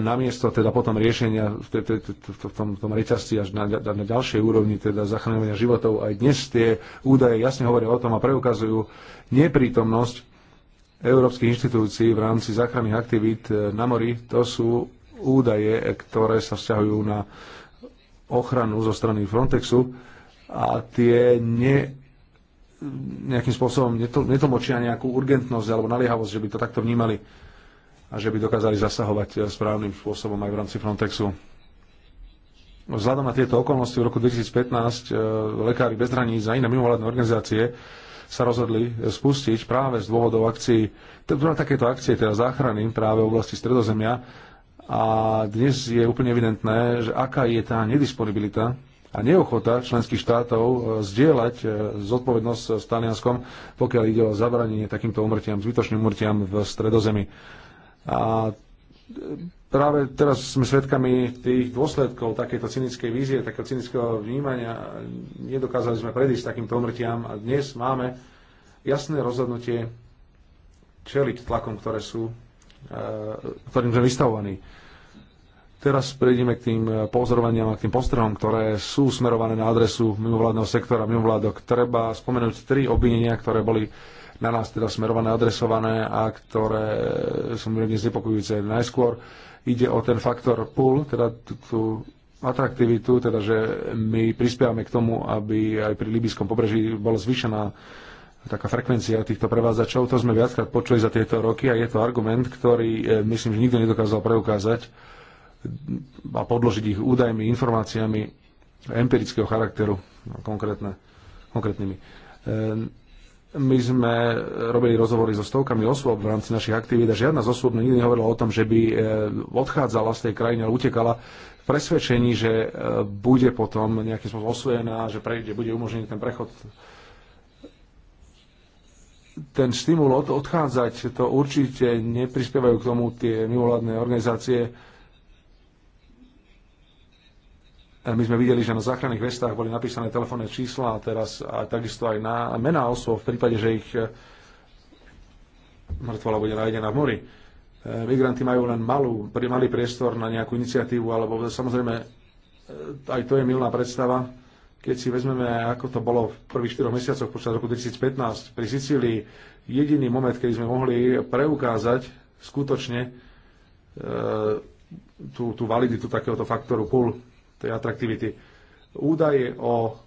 Speaker 3: namiesto teda potom riešenia v, te, te, v tom, tom reťazci až na, na ďalšej úrovni, teda zachránenia životov. Aj dnes tie údaje jasne hovoria o tom a preukazujú neprítomnosť európskych inštitúcií v rámci záchranných aktivít e, na mori. To sú údaje, ktoré sa vzťahujú na ochranu zo strany Frontexu a tie ne, nejakým spôsobom netlmočia nejakú urgentnosť alebo naliehavosť, že by to takto vnímali a že by dokázali zasahovať eh, správnym spôsobom aj v rámci Frontexu. Vzhľadom na tieto okolnosti v roku 2015 eh, Lekári bez hraníc a iné mimovládne organizácie sa rozhodli spustiť práve z dôvodov akcií, teda takéto akcie, teda záchrany práve v oblasti Stredozemia a dnes je úplne evidentné, že aká je tá nedisponibilita a neochota členských štátov e, zdieľať e, zodpovednosť s Talianskom, pokiaľ ide o zabranenie takýmto umrtiam, zbytočným umrtiam v stredozemi. A e, práve teraz sme svedkami tých dôsledkov takéto cynickej vízie, takého cynického vnímania. Nedokázali sme predísť takýmto umrtiam a dnes máme jasné rozhodnutie čeliť tlakom, ktoré sú E, ktorým sme vystavovaní. Teraz prejdeme k tým e, pozorovaniam a k tým postrehom, ktoré sú smerované na adresu mimovládneho sektora, mimovládok. Treba spomenúť tri obvinenia, ktoré boli na nás teda smerované, adresované a ktoré sú mimoriadne znepokojujúce. Najskôr ide o ten faktor pull, teda tú atraktivitu, teda že my prispievame k tomu, aby aj pri libyskom pobreží bola zvýšená taká frekvencia týchto prevádzačov. To sme viackrát počuli za tieto roky a je to argument, ktorý e, myslím, že nikto nedokázal preukázať a podložiť ich údajmi, informáciami empirického charakteru, no, konkrétne, konkrétnymi. E, my sme robili rozhovory so stovkami osôb v rámci našich aktivít a žiadna z osôb nikdy nehovorila o tom, že by e, odchádzala z tej krajiny a utekala v presvedčení, že bude potom nejakým spôsobom osvojená, že prejde, bude umožnený ten prechod ten stimul od, odchádzať, to určite neprispievajú k tomu tie mimovládne organizácie. My sme videli, že na záchranných vestách boli napísané telefónne čísla a teraz a takisto aj na mená osôb v prípade, že ich eh, mŕtvola bude nájdená v mori. Eh, migranti majú len malú, malý priestor na nejakú iniciatívu, alebo samozrejme eh, aj to je milná predstava keď si vezmeme, ako to bolo v prvých 4 mesiacoch počas roku 2015 pri Sicílii, jediný moment, kedy sme mohli preukázať skutočne e, tú, tú validitu takéhoto faktoru pull, tej atraktivity. Údaje o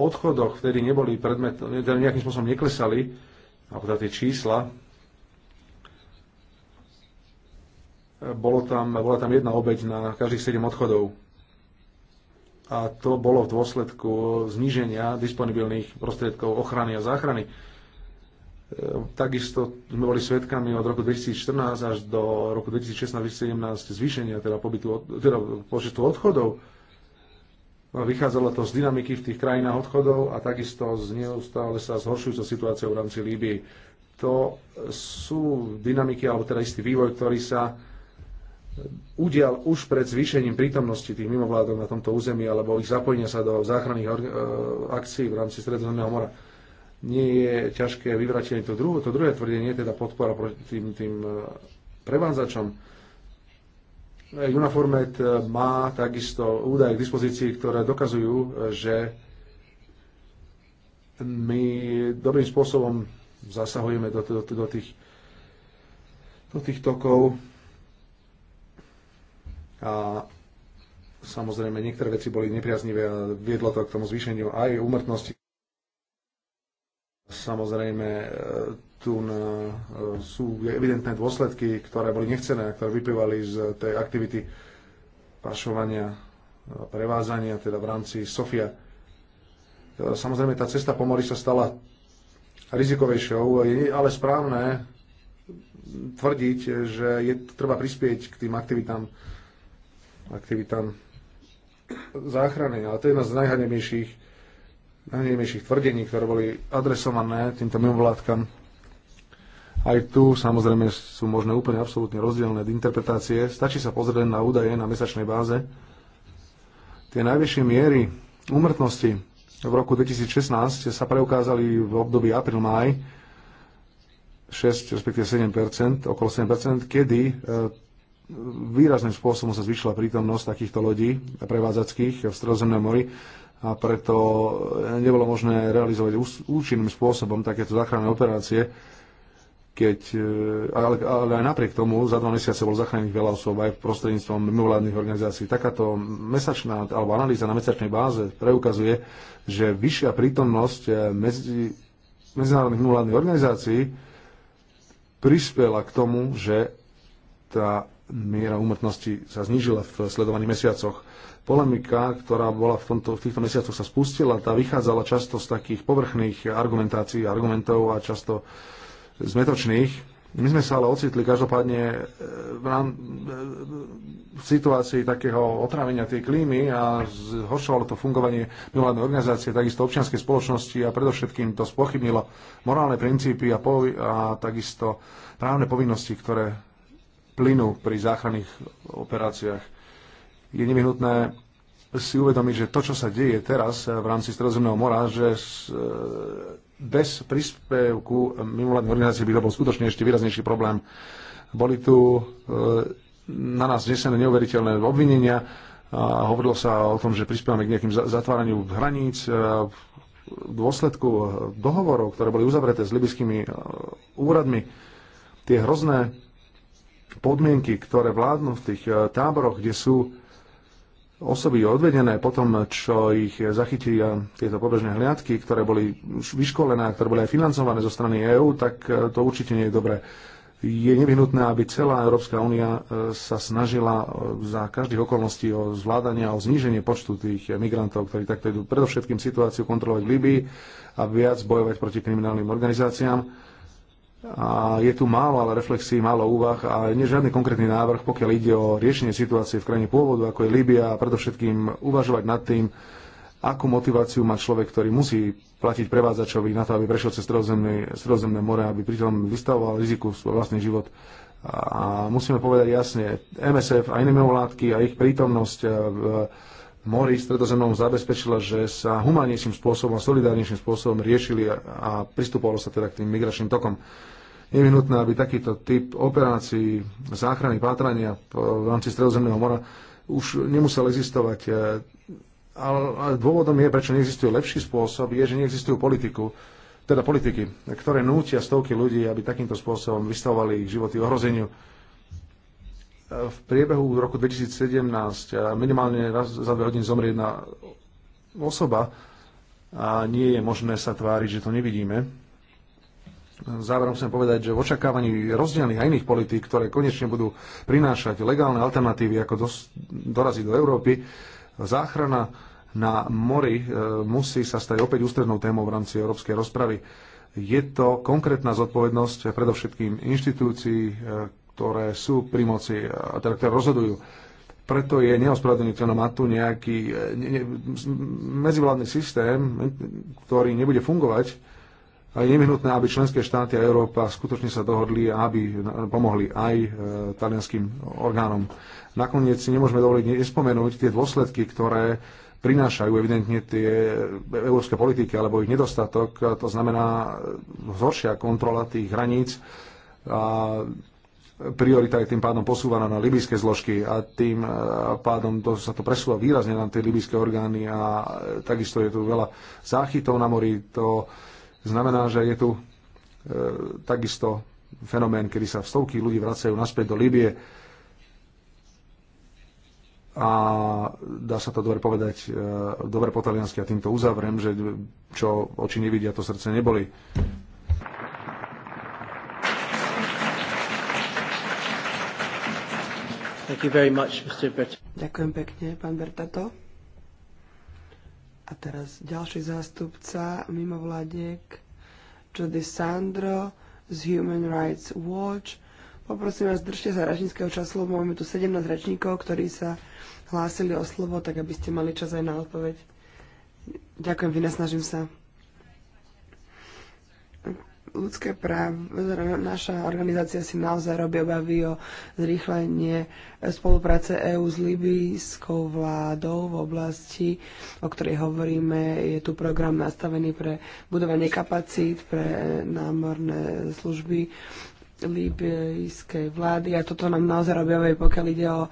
Speaker 3: odchodoch ktorí neboli predmet, teda nejakým spôsobom neklesali, alebo teda tie čísla, bolo tam, bola tam jedna obeď na každých 7 odchodov a to bolo v dôsledku zníženia disponibilných prostriedkov ochrany a záchrany. E, takisto sme boli svedkami od roku 2014 až do roku 2016-2017 zvýšenia teda pobytu, teda počtu odchodov. Vychádzalo to z dynamiky v tých krajinách odchodov a takisto z neustále sa zhoršujúca situácia v rámci Líby. To sú dynamiky, alebo teda istý vývoj, ktorý sa udial už pred zvýšením prítomnosti tých mimovládok na tomto území alebo ich zapojenia sa do záchranných e, akcií v rámci Stredozemného mora. Nie je ťažké vyvratiť to, druhé, to druhé tvrdenie, teda podpora proti tým, tým e, prevádzačom. Unaformed e, má takisto údaje k dispozícii, ktoré dokazujú, že my dobrým spôsobom zasahujeme do, do, do, tých, do tých tokov a samozrejme niektoré veci boli nepriaznivé a viedlo to k tomu zvýšeniu aj úmrtnosti. Samozrejme, e, tu na, e, sú evidentné dôsledky, ktoré boli nechcené, ktoré vyplývali z tej aktivity pašovania, prevázania, teda v rámci Sofia. E, samozrejme, tá cesta pomory sa stala rizikovejšou, je ale správne tvrdiť, že je, treba prispieť k tým aktivitám aktivitám záchrany. Ale to je jedna z najhanebnejších, najhanebnejších tvrdení, ktoré boli adresované týmto mimovládkam. Aj tu samozrejme sú možné úplne absolútne rozdielne interpretácie. Stačí sa pozrieť na údaje na mesačnej báze. Tie najvyššie miery úmrtnosti v roku 2016 sa preukázali v období apríl-máj 6, respektíve 7 okolo 7 kedy e, výrazným spôsobom sa zvyšila prítomnosť takýchto lodí prevádzackých v Stredozemnom mori a preto nebolo možné realizovať účinným spôsobom takéto záchranné operácie, keď, e, ale, ale aj napriek tomu za dva mesiace bol zachránených veľa osôb aj prostredníctvom mimovládnych organizácií. Takáto mesačná alebo analýza na mesačnej báze preukazuje, že vyššia prítomnosť e, medzi, medzinárodných mimovládnych organizácií prispela k tomu, že tá miera úmrtnosti sa znížila v sledovaných mesiacoch. Polemika, ktorá bola v, tomto, v týchto mesiacoch sa spustila, tá vychádzala často z takých povrchných argumentácií, argumentov a často zmetočných. My sme sa ale ocitli každopádne e, v, rám, e, v situácii takého otrávenia tej klímy a zhoršovalo to fungovanie mimovládnej organizácie, takisto občianskej spoločnosti a predovšetkým to spochybnilo morálne princípy a, po, a takisto právne povinnosti, ktoré plynu pri záchranných operáciách. Je nevyhnutné si uvedomiť, že to, čo sa deje teraz v rámci Stredozemného mora, že e, bez príspevku mimovládnej organizácie by to bol skutočne ešte výraznejší problém. Boli tu e, na nás nesené neuveriteľné obvinenia. A hovorilo sa o tom, že prispievame k nejakým zatváraniu hraníc e, v dôsledku dohovorov, ktoré boli uzavreté s libyskými úradmi. Tie hrozné podmienky, ktoré vládnu v tých eh, táboroch, kde sú osoby odvedené potom, čo ich zachytí eh, tieto pobežné hliadky, ktoré boli vyškolené, a ktoré boli aj financované zo strany EÚ, tak eh, to určite nie je dobré. Je nevyhnutné, aby celá Európska únia sa snažila za každých okolností o zvládanie a o zníženie počtu tých migrantov, ktorí takto idú predovšetkým situáciu kontrolovať v Libii a viac bojovať proti kriminálnym organizáciám a je tu málo ale reflexí, málo úvah a nie žiadny konkrétny návrh, pokiaľ ide o riešenie situácie v krajine pôvodu, ako je Líbia a predovšetkým uvažovať nad tým, akú motiváciu má človek, ktorý musí platiť prevádzačovi na to, aby prešiel cez stredozemné more, aby pritom vystavoval riziku svoj vlastný život. A musíme povedať jasne, MSF a iné mimovládky a ich prítomnosť e, v mori stredozemnom zabezpečila, že sa humánnejším spôsobom a solidárnejším spôsobom riešili a pristupovalo sa teda k tým migračným tokom nevyhnutné, aby takýto typ operácií záchrany pátrania v rámci Stredozemného mora už nemusel existovať. E, ale dôvodom je, prečo neexistuje lepší spôsob, je, že neexistujú politiku, teda politiky, ktoré nútia stovky ľudí, aby takýmto spôsobom vystavovali ich životy ohrozeniu. E, v priebehu roku 2017 e, minimálne raz za dve hodiny zomrie jedna osoba a nie je možné sa tváriť, že to nevidíme Záverom chcem povedať, že v očakávaní rozdielných a iných politík, ktoré konečne budú prinášať legálne alternatívy, ako dos- dorazí do Európy, záchrana na mori e, musí sa stať opäť ústrednou témou v rámci európskej rozpravy. Je to konkrétna zodpovednosť predovšetkým inštitúcií, e, ktoré sú pri moci, e, teda ktoré rozhodujú preto je neospravedlniteľné mať tu nejaký ne, ne, medzivládny systém, ktorý nebude fungovať a je nevyhnutné, aby členské štáty a Európa skutočne sa dohodli a aby pomohli aj e, talianským orgánom. Nakoniec si nemôžeme dovoliť nespomenúť tie dôsledky, ktoré prinášajú evidentne tie európske politiky alebo ich nedostatok. To znamená zhoršia e, kontrola tých hraníc a priorita je tým pádom posúvaná na libyské zložky a tým e, pádom to, sa to presúva výrazne na tie libyské orgány a takisto je tu veľa záchytov na mori. To Znamená, že je tu e, takisto fenomén, kedy sa stovky ľudí vracajú naspäť do Libie a dá sa to dobre povedať, e, dobre po taliansky a týmto uzavrem, že čo oči nevidia, to srdce neboli.
Speaker 2: Thank you very much, Mr. Ďakujem pekne, pán Bertato. A teraz ďalší zástupca mimovládiek, Jody Sandro z Human Rights Watch. Poprosím vás, držte sa rečníckého času, lebo máme tu 17 rečníkov, ktorí sa hlásili o slovo, tak aby ste mali čas aj na odpoveď. Ďakujem, vynasnažím sa ľudské práv, naša organizácia si naozaj robí obavy o zrýchlenie spolupráce EÚ s libijskou vládou v oblasti, o ktorej hovoríme. Je tu program nastavený pre budovanie kapacít pre námorné služby libijskej vlády a toto nám naozaj robí obavy, pokiaľ ide o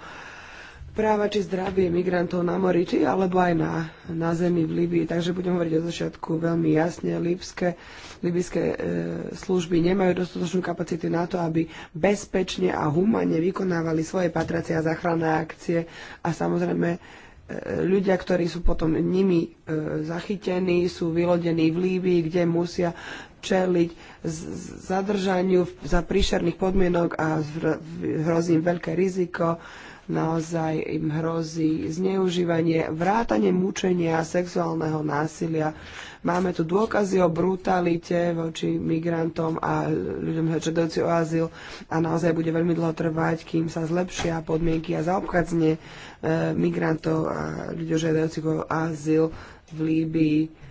Speaker 2: práva či zdravie migrantov na mori, či alebo aj na, na zemi v Libii. Takže budem hovoriť od začiatku veľmi jasne. Líbske, libyské e, služby nemajú dostatočnú kapacitu na to, aby bezpečne a humane vykonávali svoje patracie a záchranné akcie. A samozrejme e, ľudia, ktorí sú potom nimi e, zachytení, sú vylodení v Líbii, kde musia čeliť z, z zadržaniu v, za príšerných podmienok a hrozí im veľké riziko. E, naozaj im hrozí zneužívanie, vrátanie mučenia, sexuálneho násilia. Máme tu dôkazy o brutalite voči migrantom a ľuďom žiadajúci o azyl a naozaj bude veľmi dlho trvať, kým sa zlepšia podmienky a zaobchádzne e, eh, migrantov a ľuďom žiadajúcich o azyl v Líbii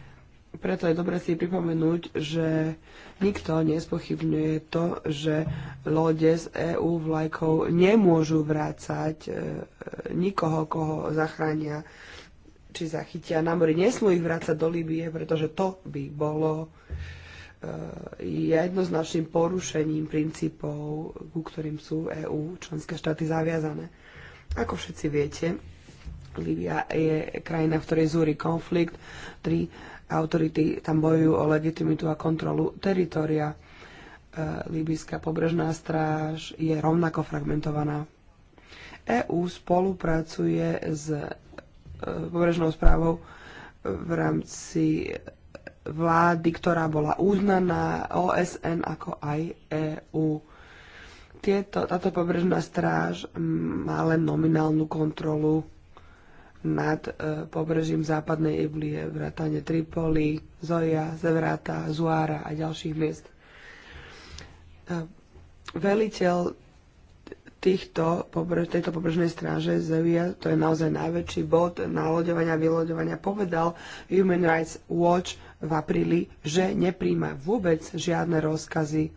Speaker 2: preto je dobre si pripomenúť, že nikto nespochybňuje to, že lode s EU vlajkou nemôžu vrácať e, nikoho, koho zachránia či zachytia na mori. Nesmú ich vrácať do Libie, pretože to by bolo e, jednoznačným porušením princípov, ku ktorým sú EÚ členské štáty zaviazané. Ako všetci viete, Libia je krajina, v ktorej zúri konflikt, ktorý autority tam bojujú o legitimitu a kontrolu teritoria. E, Líbyská pobrežná stráž je rovnako fragmentovaná. EÚ spolupracuje s e, pobrežnou správou v rámci vlády, ktorá bola uznaná OSN ako aj EÚ. Tieto, táto pobrežná stráž má len nominálnu kontrolu nad e, pobrežím západnej Iblie, vrátane Tripoli, Zoja, Zevrata, Zuára a ďalších miest. E, veliteľ týchto, tejto pobrežnej stráže Zevia, to je naozaj najväčší bod naloďovania a vyloďovania, povedal Human Rights Watch v apríli, že nepríjma vôbec žiadne rozkazy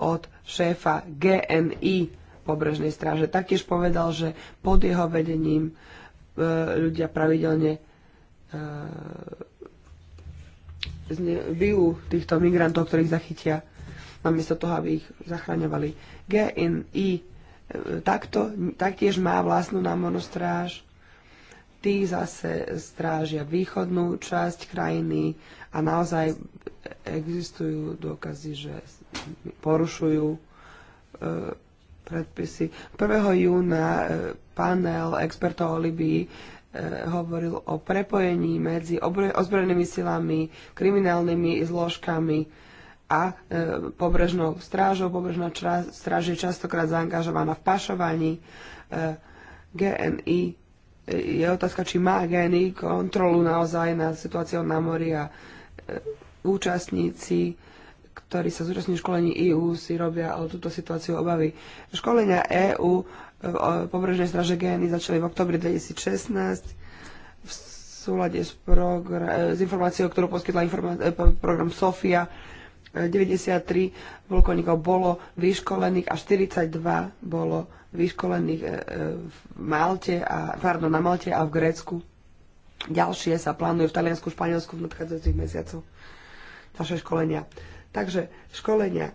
Speaker 2: od šéfa GNI pobrežnej stráže. Taktiež povedal, že pod jeho vedením E, ľudia pravidelne e, bijú týchto migrantov, ktorých zachytia, namiesto toho, aby ich zachraňovali. GNI e, takto, taktiež má vlastnú námornú stráž, tí zase strážia východnú časť krajiny a naozaj existujú dôkazy, že porušujú predpisy. 1. júna e, panel expertov o Libii e, hovoril o prepojení medzi ozbrojenými silami, kriminálnymi zložkami a e, pobrežnou strážou. Pobrežná stráž je častokrát zaangažovaná v pašovaní GNI. Je otázka, či má GNI kontrolu naozaj nad situáciou na mori a účastníci ktorí sa zúčastňujú školení EU si robia o túto situáciu obavy. Školenia EÚ e, pobrežnej straže Gény začali v oktobri 2016 v súlade s, e, s informáciou, ktorú poskytla e, program SOFIA. 93 plukovníkov bolo vyškolených a 42 bolo vyškolených v Malte a, pardon, na Malte a v Grécku. Ďalšie sa plánuje v Taliansku, Španielsku v nadchádzajúcich mesiacoch. Ďalšie školenia. Takže školenia e,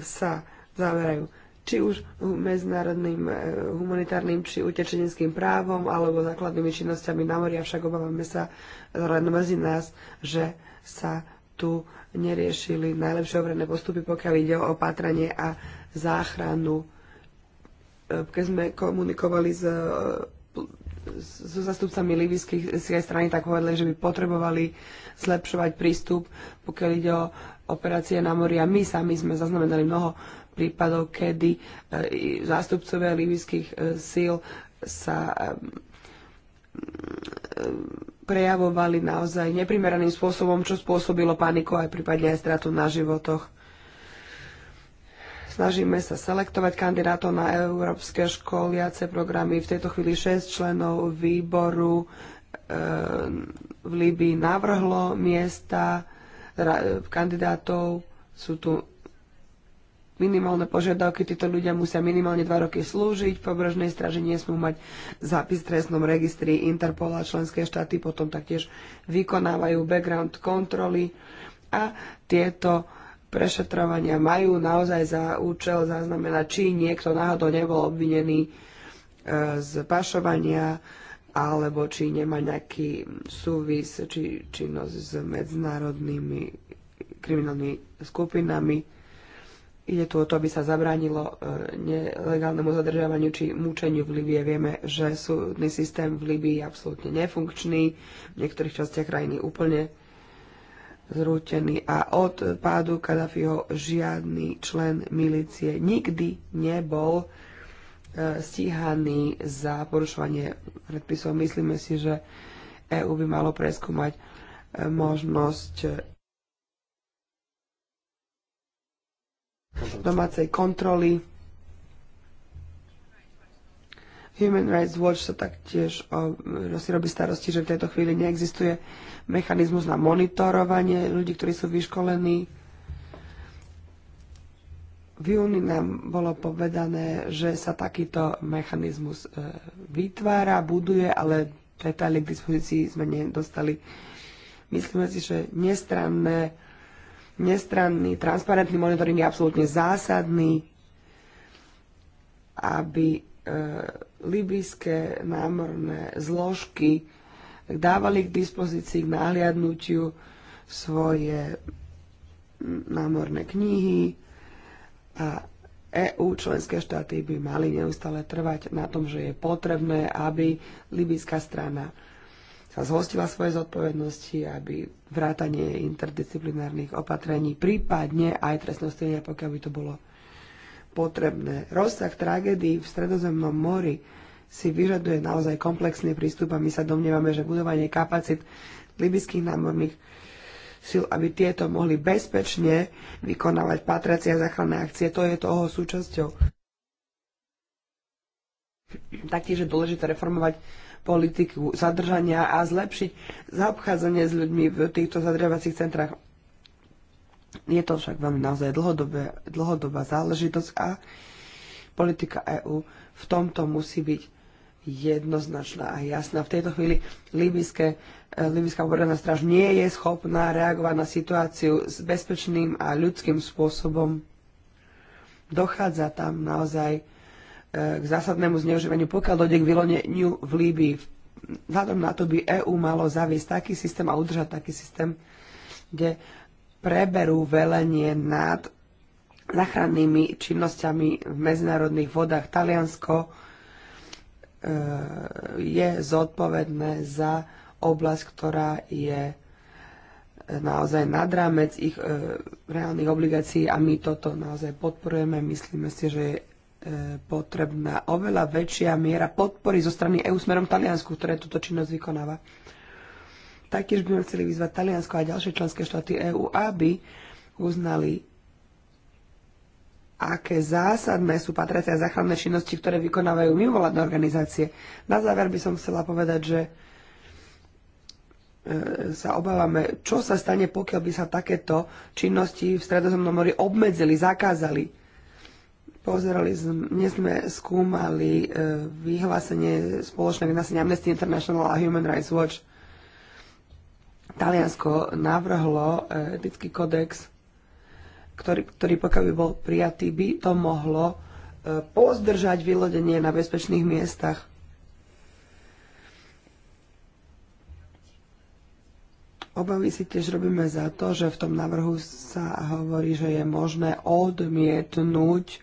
Speaker 2: sa zaverajú či už medzinárodným e, humanitárnym, či utečeneckým právom, alebo základnými činnosťami na mori, avšak obávame sa, len mrzí nás, že sa tu neriešili najlepšie obranné postupy, pokiaľ ide o opatranie a záchranu. E, keď sme komunikovali s, so zastupcami libyských strany, tak povedali, že by potrebovali zlepšovať prístup, pokiaľ ide o operácie na mori a my sami sme zaznamenali mnoho prípadov, kedy e, zástupcovia líbyských e, síl sa e, prejavovali naozaj neprimeraným spôsobom, čo spôsobilo paniku aj prípadne aj stratu na životoch. Snažíme sa selektovať kandidátov na európske školiace programy. V tejto chvíli 6 členov výboru v Líbii navrhlo miesta kandidátov, sú tu minimálne požiadavky, títo ľudia musia minimálne 2 roky slúžiť, v pobrežnej straži nesmú mať zápis v trestnom registri Interpol a členské štáty potom taktiež vykonávajú background kontroly a tieto prešetrovania majú naozaj za účel zaznamenať, či niekto náhodou nebol obvinený e, z pašovania, alebo či nemá nejaký súvis či činnosť s medzinárodnými kriminálnymi skupinami. Ide tu o to, aby sa zabránilo e, nelegálnemu zadržiavaniu či mučeniu v Libie. Vieme, že súdny systém v Libii je absolútne nefunkčný, v niektorých častiach krajiny úplne zrútený a od pádu Kadafiho žiadny člen milície nikdy nebol E, stíhaní za porušovanie predpisov. Myslíme si, že EÚ by malo preskúmať e, možnosť e, domácej kontroly. Human Rights Watch sa taktiež o, si robí starosti, že v tejto chvíli neexistuje mechanizmus na monitorovanie ľudí, ktorí sú vyškolení v júni nám bolo povedané, že sa takýto mechanizmus e, vytvára, buduje, ale detaily k dispozícii sme nedostali. Myslíme si, že nestranné, nestranný, transparentný monitoring je absolútne zásadný, aby e, libyské námorné zložky dávali k dispozícii k náhliadnutiu svoje námorné knihy, a EÚ členské štáty by mali neustále trvať na tom, že je potrebné, aby libyská strana sa zhostila svoje zodpovednosti, aby vrátanie interdisciplinárnych opatrení, prípadne aj trestného pokiaľ by to bolo potrebné. Rozsah tragédií v Stredozemnom mori si vyžaduje naozaj komplexný prístup a my sa domnievame, že budovanie kapacít libyských námorných síl, aby tieto mohli bezpečne vykonávať patracie a záchranné akcie. To je toho súčasťou. Taktiež je dôležité reformovať politiku zadržania a zlepšiť zaobchádzanie s ľuďmi v týchto zadržiavacích centrách. Je to však veľmi naozaj dlhodobé, dlhodobá záležitosť a politika EÚ v tomto musí byť jednoznačná a jasná. V tejto chvíli líbyské Libyská pobrežná stráž nie je schopná reagovať na situáciu s bezpečným a ľudským spôsobom. Dochádza tam naozaj e, k zásadnému zneužívaniu, pokiaľ dojde k vyloneniu v Líbii. Vzhľadom na to by EÚ malo zaviesť taký systém a udržať taký systém, kde preberú velenie nad zachrannými činnosťami v medzinárodných vodách. Taliansko e, je zodpovedné za oblasť, ktorá je e, naozaj nad rámec ich e, reálnych obligácií a my toto naozaj podporujeme. Myslíme si, že je e, potrebná oveľa väčšia miera podpory zo strany EU smerom Taliansku, ktoré túto činnosť vykonáva. Taktiež by sme chceli vyzvať Taliansko a ďalšie členské štáty EÚ, aby uznali, aké zásadné sú patriace a záchranné činnosti, ktoré vykonávajú mimovládne organizácie. Na záver by som chcela povedať, že E, sa obávame, čo sa stane, pokiaľ by sa takéto činnosti v Stredozemnom mori obmedzili, zakázali. Pozerali sme, sme skúmali e, vyhlásenie spoločné vyhlásenie Amnesty International a Human Rights Watch. Taliansko navrhlo e, etický kodex, ktorý, ktorý pokiaľ by bol prijatý, by to mohlo pozdržať vylodenie na bezpečných miestach Obavy si tiež robíme za to, že v tom návrhu sa hovorí, že je možné odmietnúť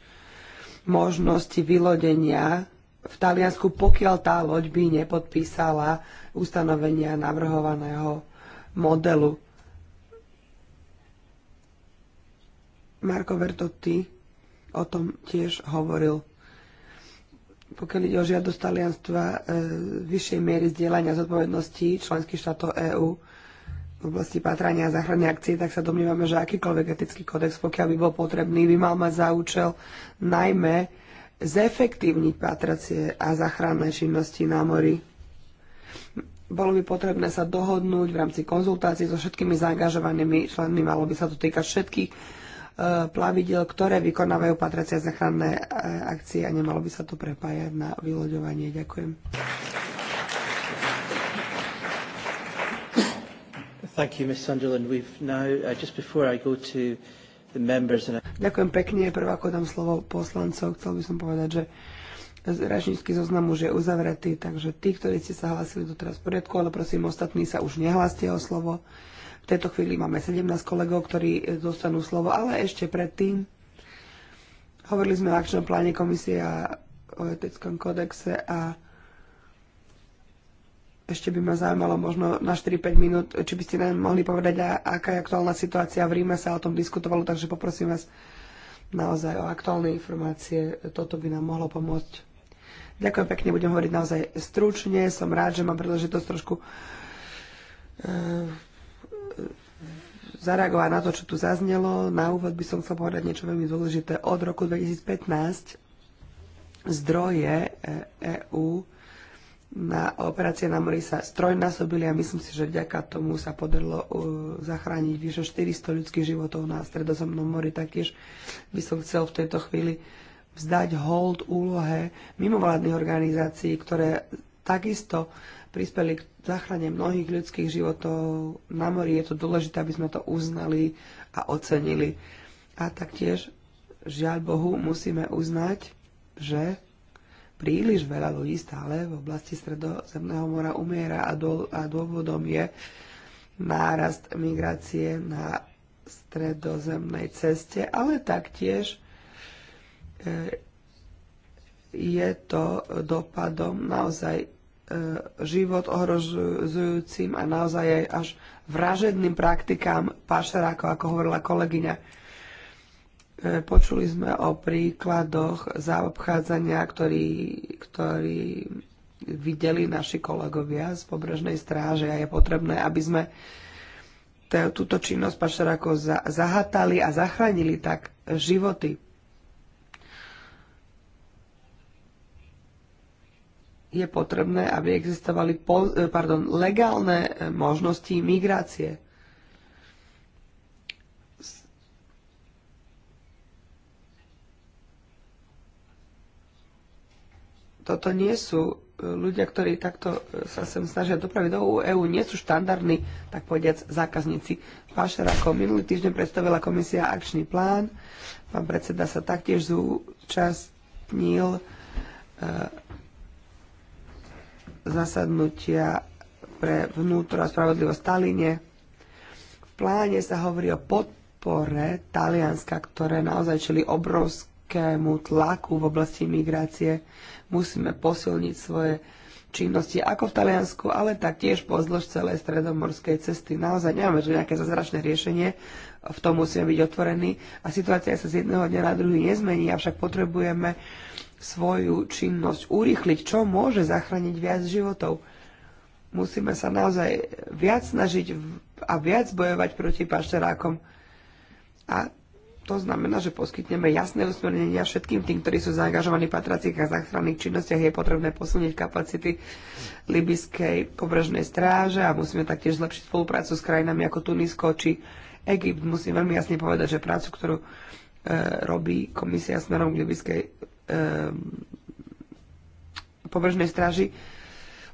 Speaker 2: možnosti vylodenia v Taliansku, pokiaľ tá loď by nepodpísala ustanovenia navrhovaného modelu. Marko Vertotti o tom tiež hovoril pokiaľ ide o žiadosť talianstva e, vyššej miery zdieľania zodpovedností členských štátov EÚ v oblasti pátrania a záchrannej akcie, tak sa domnievame, že akýkoľvek etický kódex, pokiaľ by bol potrebný, by mal mať za účel najmä zefektívniť pátracie a záchranné činnosti na mori. Bolo by potrebné sa dohodnúť v rámci konzultácií so všetkými zaangažovanými členmi, malo by sa to týkať všetkých e, plavidel, ktoré vykonávajú patracia záchranné e, akcie a nemalo by sa to prepájať na vyloďovanie. Ďakujem.
Speaker 1: Thank you, Ms. Sunderland. We've now, uh, just
Speaker 2: before I go to the members and... Ďakujem pekne. Prvá, ako dám slovo poslancov, chcel by som povedať, že Račnícky zoznam už je uzavretý, takže tí, ktorí ste sa hlásili teraz v poriadku, ale prosím, ostatní sa už nehlaste o slovo. V tejto chvíli máme 17 kolegov, ktorí dostanú e, slovo, ale ešte predtým hovorili sme o akčnom pláne komisie a o etickom kodexe a ešte by ma zaujímalo možno na 4-5 minút, či by ste nám mohli povedať, aká je aktuálna situácia v Ríme, sa o tom diskutovalo, takže poprosím vás naozaj o aktuálne informácie. Toto by nám mohlo pomôcť. Ďakujem pekne, budem hovoriť naozaj stručne. Som rád, že mám príležitosť trošku eh, zareagovať na to, čo tu zaznelo. Na úvod by som chcel povedať niečo veľmi dôležité. Od roku 2015 zdroje EÚ eh, e na operácie na mori sa strojnásobili a myslím si, že vďaka tomu sa podarilo uh, zachrániť vyše 400 ľudských životov na stredozemnom mori. Taktiež by som chcel v tejto chvíli vzdať hold úlohe mimovládnych organizácií, ktoré takisto prispeli k záchrane mnohých ľudských životov na mori. Je to dôležité, aby sme to uznali a ocenili. A taktiež, žiaľ Bohu, musíme uznať, že príliš veľa ľudí stále v oblasti Stredozemného mora umiera a, do, a dôvodom je nárast migrácie na stredozemnej ceste, ale taktiež e, je to dopadom naozaj e, život ohrozujúcim a naozaj aj až vražedným praktikám pašerákov, ako hovorila kolegyňa. E, počuli sme o príkladoch zaobchádzania, ktorý, ktorý videli naši kolegovia z pobrežnej stráže a je potrebné, aby sme túto činnosť pašerákov zahatali a zachránili tak životy. Je potrebné, aby existovali e, pardon, legálne možnosti migrácie Toto nie sú e, ľudia, ktorí takto e, sa sem snažia dopraviť do EÚ, nie sú štandardní, tak povediac, zákazníci. Pašer, ako minulý týždeň predstavila komisia akčný plán, pán predseda sa taktiež zúčastnil e, zasadnutia pre vnútro a spravodlivosť Taline. V pláne sa hovorí o podpore Talianska, ktoré naozaj čili obrovské veľkému tlaku v oblasti migrácie. Musíme posilniť svoje činnosti ako v Taliansku, ale taktiež pozdĺž celej stredomorskej cesty. Naozaj nemáme tu nejaké zazračné riešenie, v tom musíme byť otvorení a situácia sa z jedného dňa na druhý nezmení, avšak potrebujeme svoju činnosť urýchliť, čo môže zachrániť viac životov. Musíme sa naozaj viac snažiť a viac bojovať proti pašterákom. A to znamená, že poskytneme jasné usmernenia všetkým tým, ktorí sú zaangažovaní v patracích a záchranných činnostiach. Je potrebné posilniť kapacity libyskej pobrežnej stráže a musíme taktiež zlepšiť spoluprácu s krajinami ako Tunisko či Egypt. Musím veľmi jasne povedať, že prácu, ktorú e, robí komisia smerom k libyskej e, pobrežnej stráži,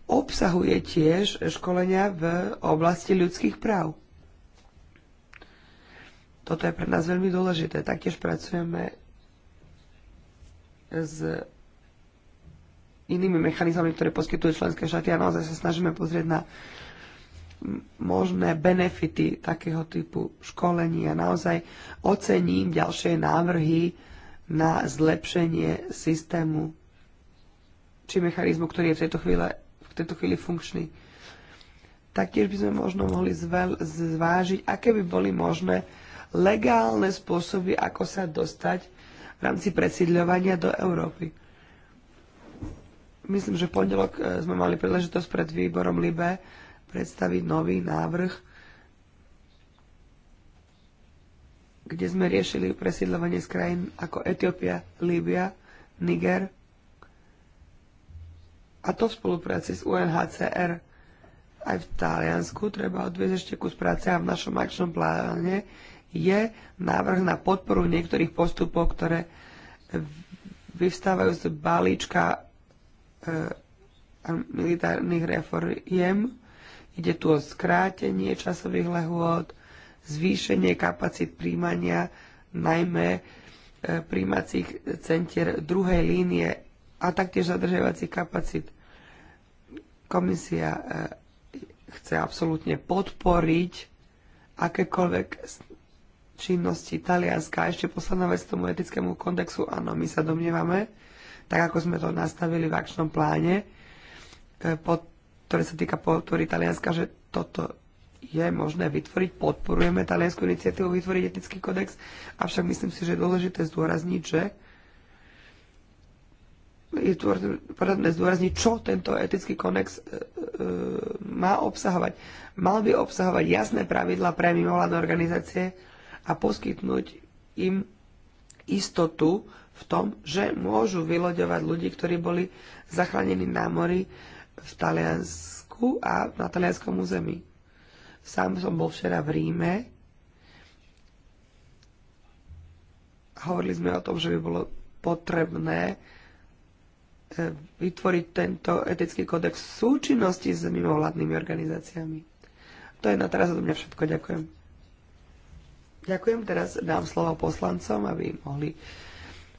Speaker 2: obsahuje tiež školenia v oblasti ľudských práv. Toto je pre nás veľmi dôležité. Taktiež pracujeme s inými mechanizmami, ktoré poskytujú členské štáty a naozaj sa snažíme pozrieť na možné benefity takého typu školení a Naozaj ocením ďalšie návrhy na zlepšenie systému či mechanizmu, ktorý je v tejto, chvíli, v tejto chvíli funkčný. Taktiež by sme možno mohli zvážiť, aké by boli možné legálne spôsoby, ako sa dostať v rámci presídľovania do Európy. Myslím, že v pondelok e, sme mali príležitosť pred výborom LIBE predstaviť nový návrh, kde sme riešili presídľovanie z krajín ako Etiópia, Líbia, Niger a to v spolupráci s UNHCR aj v Taliansku treba odviezť ešte kus práce a v našom akčnom pláne je návrh na podporu niektorých postupov, ktoré vyvstávajú z balíčka e, militárnych reforiem. Ide tu o skrátenie časových lehôd, zvýšenie kapacít príjmania, najmä e, príjmacích centier druhej línie a taktiež zadržiavacích kapacít. Komisia e, chce absolútne podporiť akékoľvek činnosti Talianska. A ešte posledná vec tomu etickému kondexu. Áno, my sa domnievame, tak ako sme to nastavili v akčnom pláne, e, pod, ktoré sa týka podpory Talianska, že toto je možné vytvoriť. Podporujeme taliansku iniciatívu vytvoriť etický kodex, avšak myslím si, že je dôležité zdôrazniť, že je potrebné zdôrazniť, čo tento etický konex e, e, má obsahovať. Mal by obsahovať jasné pravidla pre mimovládne organizácie, a poskytnúť im istotu v tom, že môžu vyloďovať ľudí, ktorí boli zachránení na mori v Taliansku a na talianskom území. Sám som bol včera v Ríme. Hovorili sme o tom, že by bolo potrebné e, vytvoriť tento etický kódex v súčinnosti s mimovládnymi organizáciami. To je na teraz od mňa všetko. Ďakujem. Ďakujem. Teraz dám slovo poslancom, aby mohli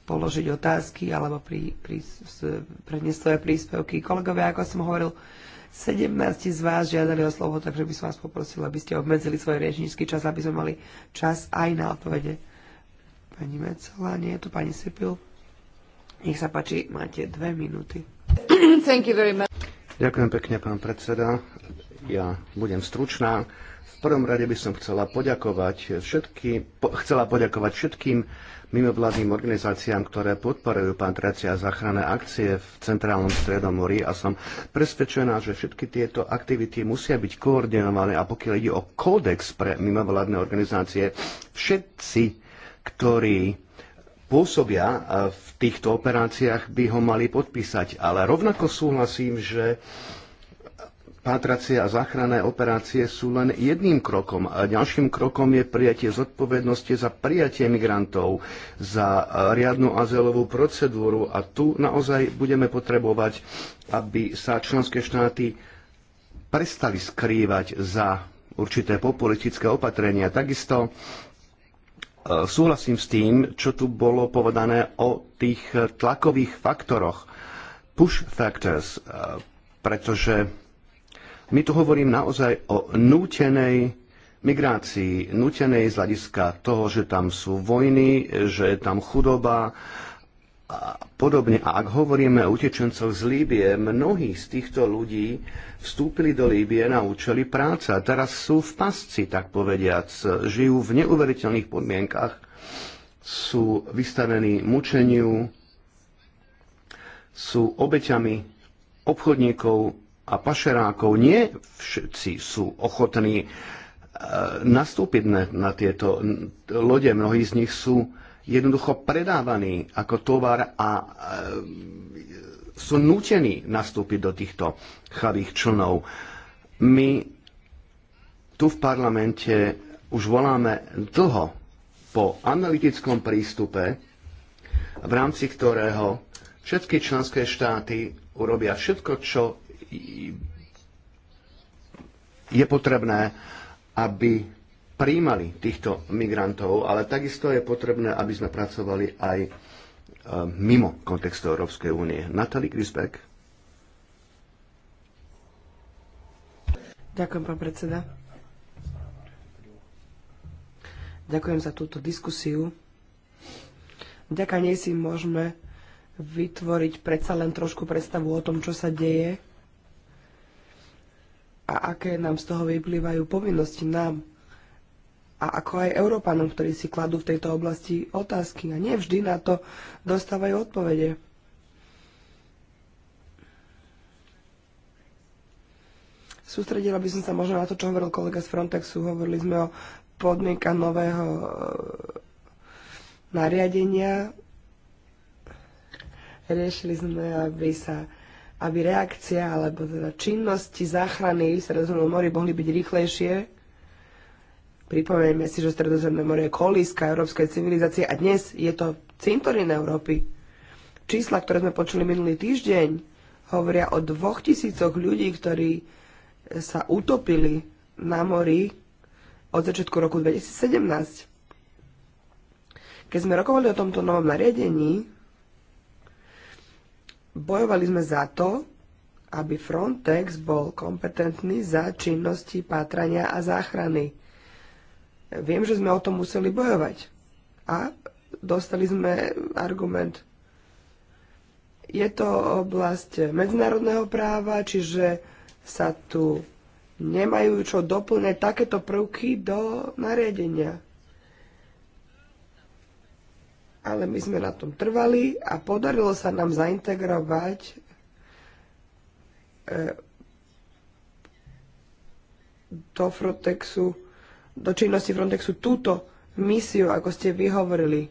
Speaker 2: položiť otázky alebo pri, pri, predniesť svoje príspevky. Kolegovia, ako som hovoril, 17 z vás žiadali o slovo, takže by som vás poprosil, aby ste obmedzili svoj riečnícky čas, aby sme mali čas aj na odpovede. Pani Mecela, nie je tu pani Sipil. Nech sa páči, máte dve minúty. Thank you very much.
Speaker 1: Ďakujem pekne, pán predseda. Ja budem stručná. V prvom rade by som chcela poďakovať, všetky, po, chcela poďakovať všetkým mimovládnym organizáciám, ktoré podporujú patracia a záchranné akcie v centrálnom stredomorí a som presvedčená, že všetky tieto aktivity musia byť koordinované a pokiaľ ide o kódex pre mimovládne organizácie, všetci, ktorí pôsobia e, v týchto operáciách, by ho mali podpísať. Ale rovnako súhlasím, že Pátracie a záchranné operácie sú len jedným krokom. A ďalším krokom je prijatie zodpovednosti za prijatie migrantov, za e, riadnu azylovú procedúru. A tu naozaj budeme potrebovať, aby sa členské štáty prestali skrývať za určité populistické opatrenia. Takisto e, súhlasím s tým, čo tu bolo povedané o tých tlakových faktoroch, push factors, e, pretože my tu hovorím naozaj o nútenej migrácii, nútenej z hľadiska toho, že tam sú vojny, že je tam chudoba a podobne. A ak hovoríme o utečencoch z Líbie, mnohí z týchto ľudí vstúpili do Líbie na účely práce a teraz sú v pasci, tak povediac. Žijú v neuveriteľných podmienkach, sú vystavení mučeniu, sú obeťami obchodníkov, a pašerákov. Nie všetci sú ochotní e, nastúpiť na, na tieto lode. Mnohí z nich sú jednoducho predávaní ako tovar a e, sú nútení nastúpiť do týchto chavých člnov. My tu v parlamente už voláme dlho po analytickom prístupe, v rámci ktorého všetky členské štáty urobia všetko, čo je potrebné, aby príjmali týchto migrantov, ale takisto je potrebné, aby sme pracovali aj e, mimo kontextu Európskej únie. Natalie Grisbeck.
Speaker 2: Ďakujem, pán predseda. Ďakujem za túto diskusiu. Vďaka nej si môžeme vytvoriť predsa len trošku predstavu o tom, čo sa deje a aké nám z toho vyplývajú povinnosti nám a ako aj Európanom, ktorí si kladú v tejto oblasti otázky a nevždy na to dostávajú odpovede. Sústredila by som sa možno na to, čo hovoril kolega z Frontexu. Hovorili sme o podmienka nového e, nariadenia. Riešili sme, aby sa aby reakcia alebo teda činnosti záchrany v Stredozemnom mori mohli byť rýchlejšie. Pripomeňme si, že Stredozemné more je kolíska európskej civilizácie a dnes je to cintorín Európy. Čísla, ktoré sme počuli minulý týždeň, hovoria o dvoch tisícoch ľudí, ktorí sa utopili na mori od začiatku roku 2017. Keď sme rokovali o tomto novom nariadení, Bojovali sme za to, aby Frontex bol kompetentný za činnosti pátrania a záchrany. Viem, že sme o tom museli bojovať. A dostali sme argument. Je to oblasť medzinárodného práva, čiže sa tu nemajú čo doplňať takéto prvky do nariadenia ale my sme na tom trvali a podarilo sa nám zaintegrovať e, do Frontexu, do činnosti Frontexu túto misiu, ako ste vyhovorili.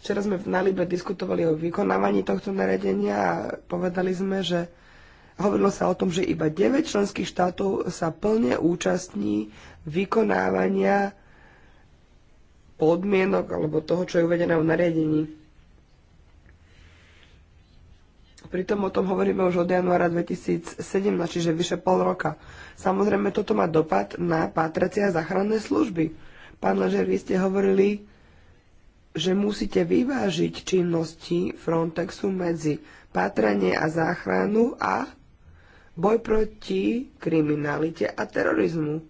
Speaker 2: Včera sme na Libe diskutovali o vykonávaní tohto naredenia a povedali sme, že hovorilo sa o tom, že iba 9 členských štátov sa plne účastní vykonávania podmienok alebo toho, čo je uvedené v nariadení. Pritom o tom hovoríme už od januára 2017, čiže vyše pol roka. Samozrejme, toto má dopad na pátracie a záchranné služby. Pán Ležer, vy ste hovorili, že musíte vyvážiť činnosti Frontexu medzi pátranie a záchranu a boj proti kriminalite a terorizmu.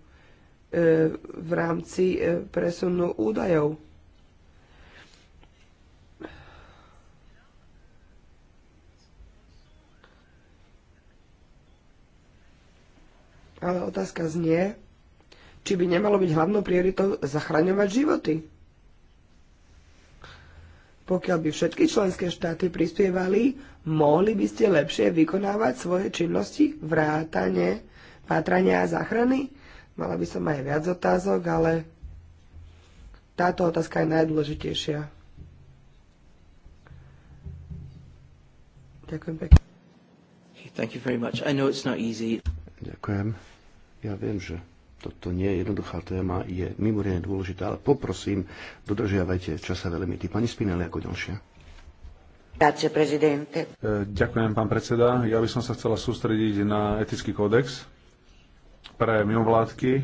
Speaker 2: E, v rámci e, presunu údajov. Ale otázka znie, či by nemalo byť hlavnou prioritou zachraňovať životy. Pokiaľ by všetky členské štáty prispievali, mohli by ste lepšie vykonávať svoje činnosti vrátane, pátrania a záchrany Mala by som aj viac otázok, ale táto otázka je najdôležitejšia. Ďakujem pekne.
Speaker 1: Thank you very much. I know it's not easy. Ďakujem. Ja viem, že toto nie je jednoduchá téma, je mimoriadne dôležitá, ale poprosím, dodržiavajte časové limity. Pani Spinelli ako ďalšia. E,
Speaker 3: ďakujem, pán predseda. Ja by som sa chcela sústrediť na etický kódex pre mimovládky, e,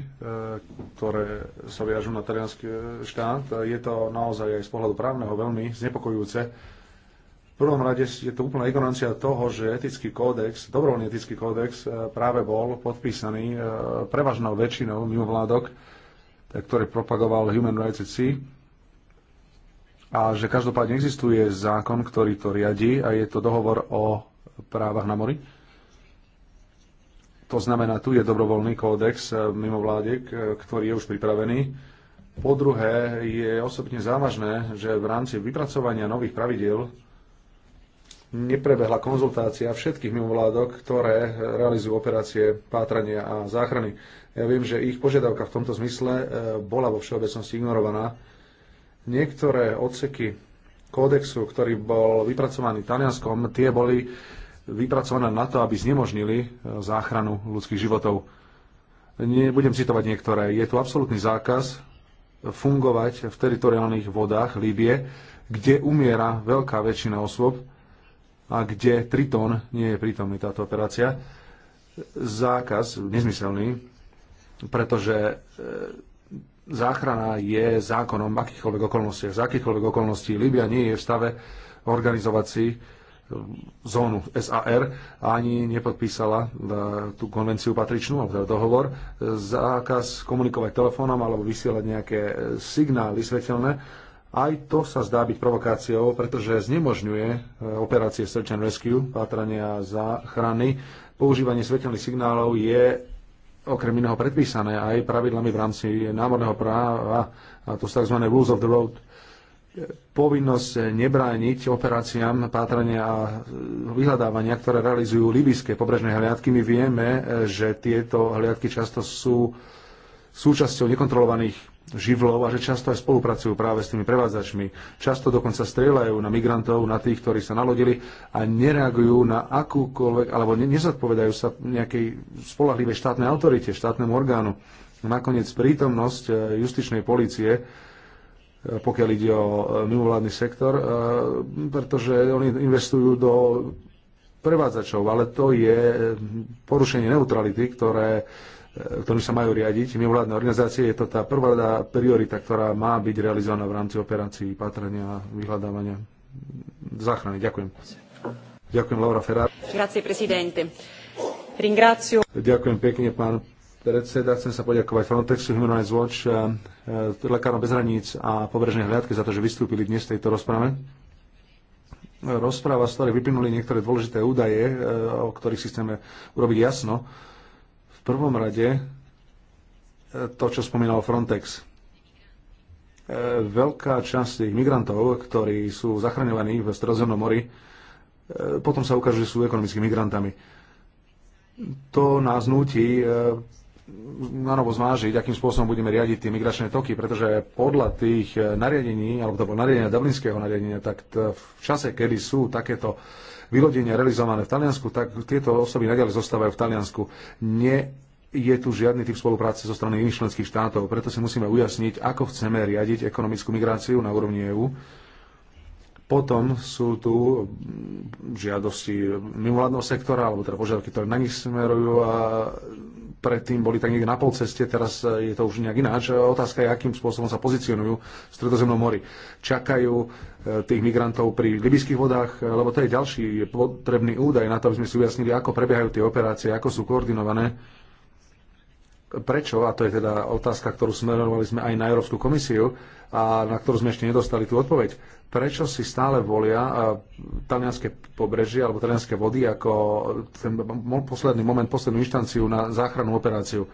Speaker 3: ktoré sa viažú na talianský e, štát. E, je to naozaj aj z pohľadu právneho veľmi znepokojujúce. V prvom rade je to úplná ignorancia toho, že etický kódex, dobrovoľný etický kódex práve bol podpísaný prevažnou väčšinou mimovládok, ktoré propagoval Human Rights C. Sea a že každopádne existuje zákon, ktorý to riadi a je to dohovor o právach na mori to znamená, tu je dobrovoľný kódex e, mimovládiek, e, ktorý je už pripravený. Po druhé, je osobne závažné, že v rámci vypracovania nových pravidiel neprebehla konzultácia všetkých mimovládok, ktoré e, realizujú operácie pátrania a záchrany. Ja viem, že ich požiadavka v tomto zmysle bola vo všeobecnosti ignorovaná. Niektoré odseky kódexu, ktorý bol vypracovaný Talianskom, tie boli vypracované na to, aby znemožnili e, záchranu ľudských životov. Nebudem citovať niektoré. Je tu absolútny zákaz fungovať v teritoriálnych vodách Líbie, kde umiera veľká väčšina osôb a kde Triton nie je prítomný táto operácia. Zákaz nezmyselný, pretože e, záchrana je zákonom v akýchkoľvek okolnostiach. Za akýchkoľvek okolností Líbia nie je v stave organizovať si zónu SAR ani nepodpísala e, tú konvenciu patričnú, alebo teda dohovor, e, zákaz komunikovať telefónom alebo vysielať nejaké e, signály svetelné. Aj to sa zdá byť provokáciou, pretože znemožňuje operácie Search and Rescue, pátrania záchrany. Používanie svetelných signálov je okrem iného predpísané aj pravidlami v rámci námorného práva, a to sú tzv. rules of the road, povinnosť eh, nebrániť operáciám pátrania a eh, vyhľadávania, ktoré realizujú libyské pobrežné hliadky. My vieme, eh, že tieto hliadky často sú súčasťou nekontrolovaných živlov a že často aj spolupracujú práve s tými prevádzačmi. Často dokonca strieľajú na migrantov, na tých, ktorí sa nalodili a nereagujú na akúkoľvek, alebo nezodpovedajú sa nejakej spolahlivej štátnej autorite, štátnemu orgánu. Nakoniec prítomnosť justičnej policie E, pokiaľ ide o e, mimovládny sektor, e, pretože oni investujú do prevádzačov, ale to je porušenie neutrality, ktoré, ktorým sa majú riadiť mimovládne organizácie. Je to tá prvá priorita, ktorá má byť realizovaná v rámci operácií a vyhľadávania záchrany. Ďakujem. Ďakujem, Laura Ferrar.
Speaker 1: Grazie, presidente. Ringrazio.
Speaker 3: Ďakujem pekne, pán predseda, chcem sa poďakovať Frontexu, Human Rights Watch, eh, eh, Lekárom bez hraníc a Pobrežnej hliadke za to, že vystúpili dnes v tejto rozprave. Rozpráva, z ktorej vyplynuli niektoré dôležité údaje, eh, o ktorých si chceme urobiť jasno. V prvom rade to, čo spomínal Frontex. Veľká časť tých migrantov, ktorí sú zachraňovaní v Stredozemnom mori, potom sa ukáže, že sú ekonomickými migrantami to nás nutí na novo zvážiť, akým spôsobom budeme riadiť tie migračné toky, pretože podľa tých eh, nariadení, alebo to nariadenia Dublinského nariadenia, tak v čase, kedy sú takéto vylodenia realizované v Taliansku, tak tieto osoby naďalej zostávajú v Taliansku. Nie je tu žiadny typ spolupráce zo strany iných členských štátov, preto si musíme ujasniť, ako chceme riadiť ekonomickú migráciu na úrovni EÚ. Potom sú tu mm, žiadosti mimovládneho sektora, alebo teda požiadavky, ktoré na nich smerujú a predtým boli tak niekde na polceste, ceste, teraz e, je to už nejak ináč. E, otázka je, akým spôsobom sa pozicionujú v Stredozemnom mori. Čakajú e, tých migrantov pri libyských vodách, lebo to je ďalší potrebný údaj na to, aby sme si ujasnili, ako prebiehajú tie operácie, ako sú koordinované. Prečo, a to je teda otázka, ktorú smerovali sme aj na Európsku komisiu, a na ktorú sme ešte nedostali tú odpoveď. Prečo si stále volia e, talianské pobrežie alebo talianské vody ako ten posledný moment, poslednú inštanciu na záchrannú operáciu?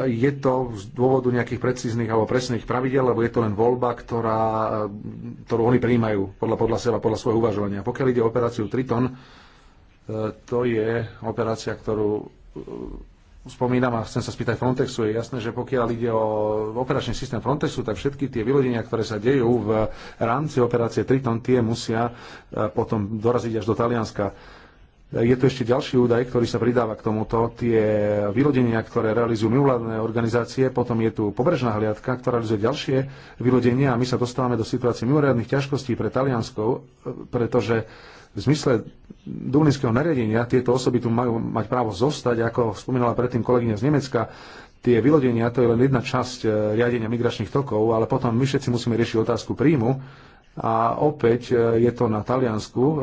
Speaker 3: Je to z dôvodu nejakých precíznych alebo presných pravidel, alebo je to len voľba, ktorá, e, ktorú oni prijímajú podľa, podľa seba, podľa svojho uvažovania. Pokiaľ ide o operáciu Triton, e, to je operácia, ktorú spomínam a chcem sa spýtať Frontexu, je jasné, že pokiaľ ide o operačný systém Frontexu, tak všetky tie vylodenia, ktoré sa dejú v rámci operácie Triton, tie musia e, potom doraziť až do Talianska. E, je tu ešte ďalší údaj, ktorý sa pridáva k tomuto. Tie vylodenia, ktoré realizujú mimovládne organizácie, potom je tu pobrežná hliadka, ktorá realizuje ďalšie vylodenia a my sa dostávame do situácie mimoriadných ťažkostí pre Taliansko, e, pretože v zmysle dublinského nariadenia tieto osoby tu majú mať právo zostať, ako spomínala predtým kolegyňa z Nemecka, tie vylodenia to je len jedna časť e, riadenia migračných tokov, ale potom my všetci musíme riešiť otázku príjmu a opäť e, je to na Taliansku, e,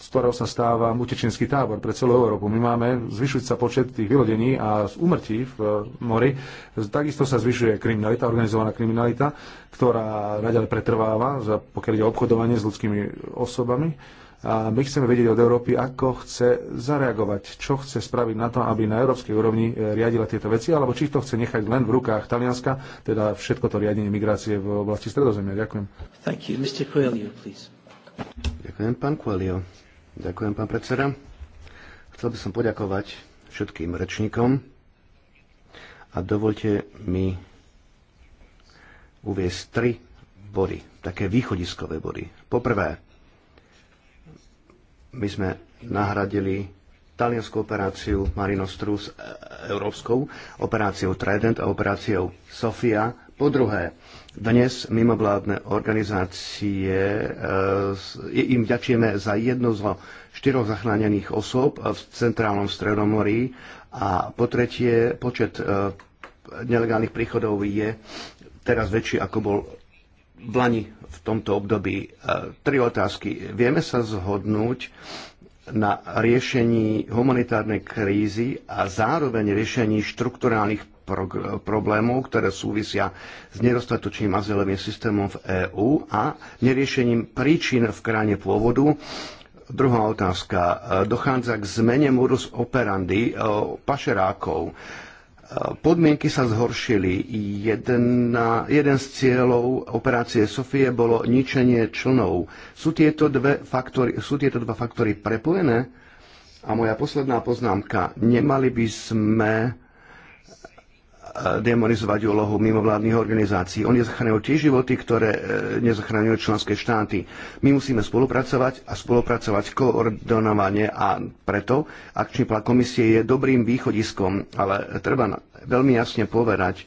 Speaker 3: z ktorého sa stáva utečenský tábor pre celú Európu. My máme zvyšujúci sa počet tých vylodení a z úmrtí v mori. Takisto sa zvyšuje kriminalita, organizovaná kriminalita, ktorá naďalej pretrváva, pokiaľ ide obchodovanie s ľudskými osobami a my chceme vedieť od Európy, ako chce zareagovať, čo chce spraviť na to, aby na európskej úrovni e, riadila tieto veci, alebo či to chce nechať len v rukách Talianska, teda všetko
Speaker 1: to riadenie migrácie v oblasti Stredozemia. Ďakujem. Thank you. Mr. Coelho, Ďakujem, pán Coelho. Ďakujem, pán predseda. Chcel by som poďakovať všetkým rečníkom a dovolte mi uviezť tri body, také východiskové body. Poprvé, my sme nahradili taliansku operáciu Marinostru s e, európskou operáciou Trident a operáciou Sofia. Po druhé, dnes mimovládne organizácie e, im ďačíme za jednu zlo štyroch zachránených osôb v centrálnom stredomorí a po tretie počet e, nelegálnych príchodov je teraz väčší, ako bol v Lani v tomto období. E, tri otázky. Vieme sa zhodnúť na riešení humanitárnej krízy a zároveň riešení štrukturálnych problémov, ktoré súvisia s nedostatočným azylovým systémom v EÚ a neriešením príčin v krajine pôvodu. Druhá otázka. E, dochádza k zmene modus operandi e, pašerákov Podmienky sa zhoršili. Jeden, jeden z cieľov operácie Sofie bolo ničenie člnov. Sú tieto, dve faktory, sú tieto dva faktory prepojené? A moja posledná poznámka. Nemali by sme demonizovať úlohu mimovládnych organizácií. Oni zachraňujú tie životy, ktoré e, nezachraňujú členské štáty. My musíme spolupracovať a spolupracovať koordinovane a preto akčný plán komisie je dobrým východiskom, ale treba veľmi jasne povedať,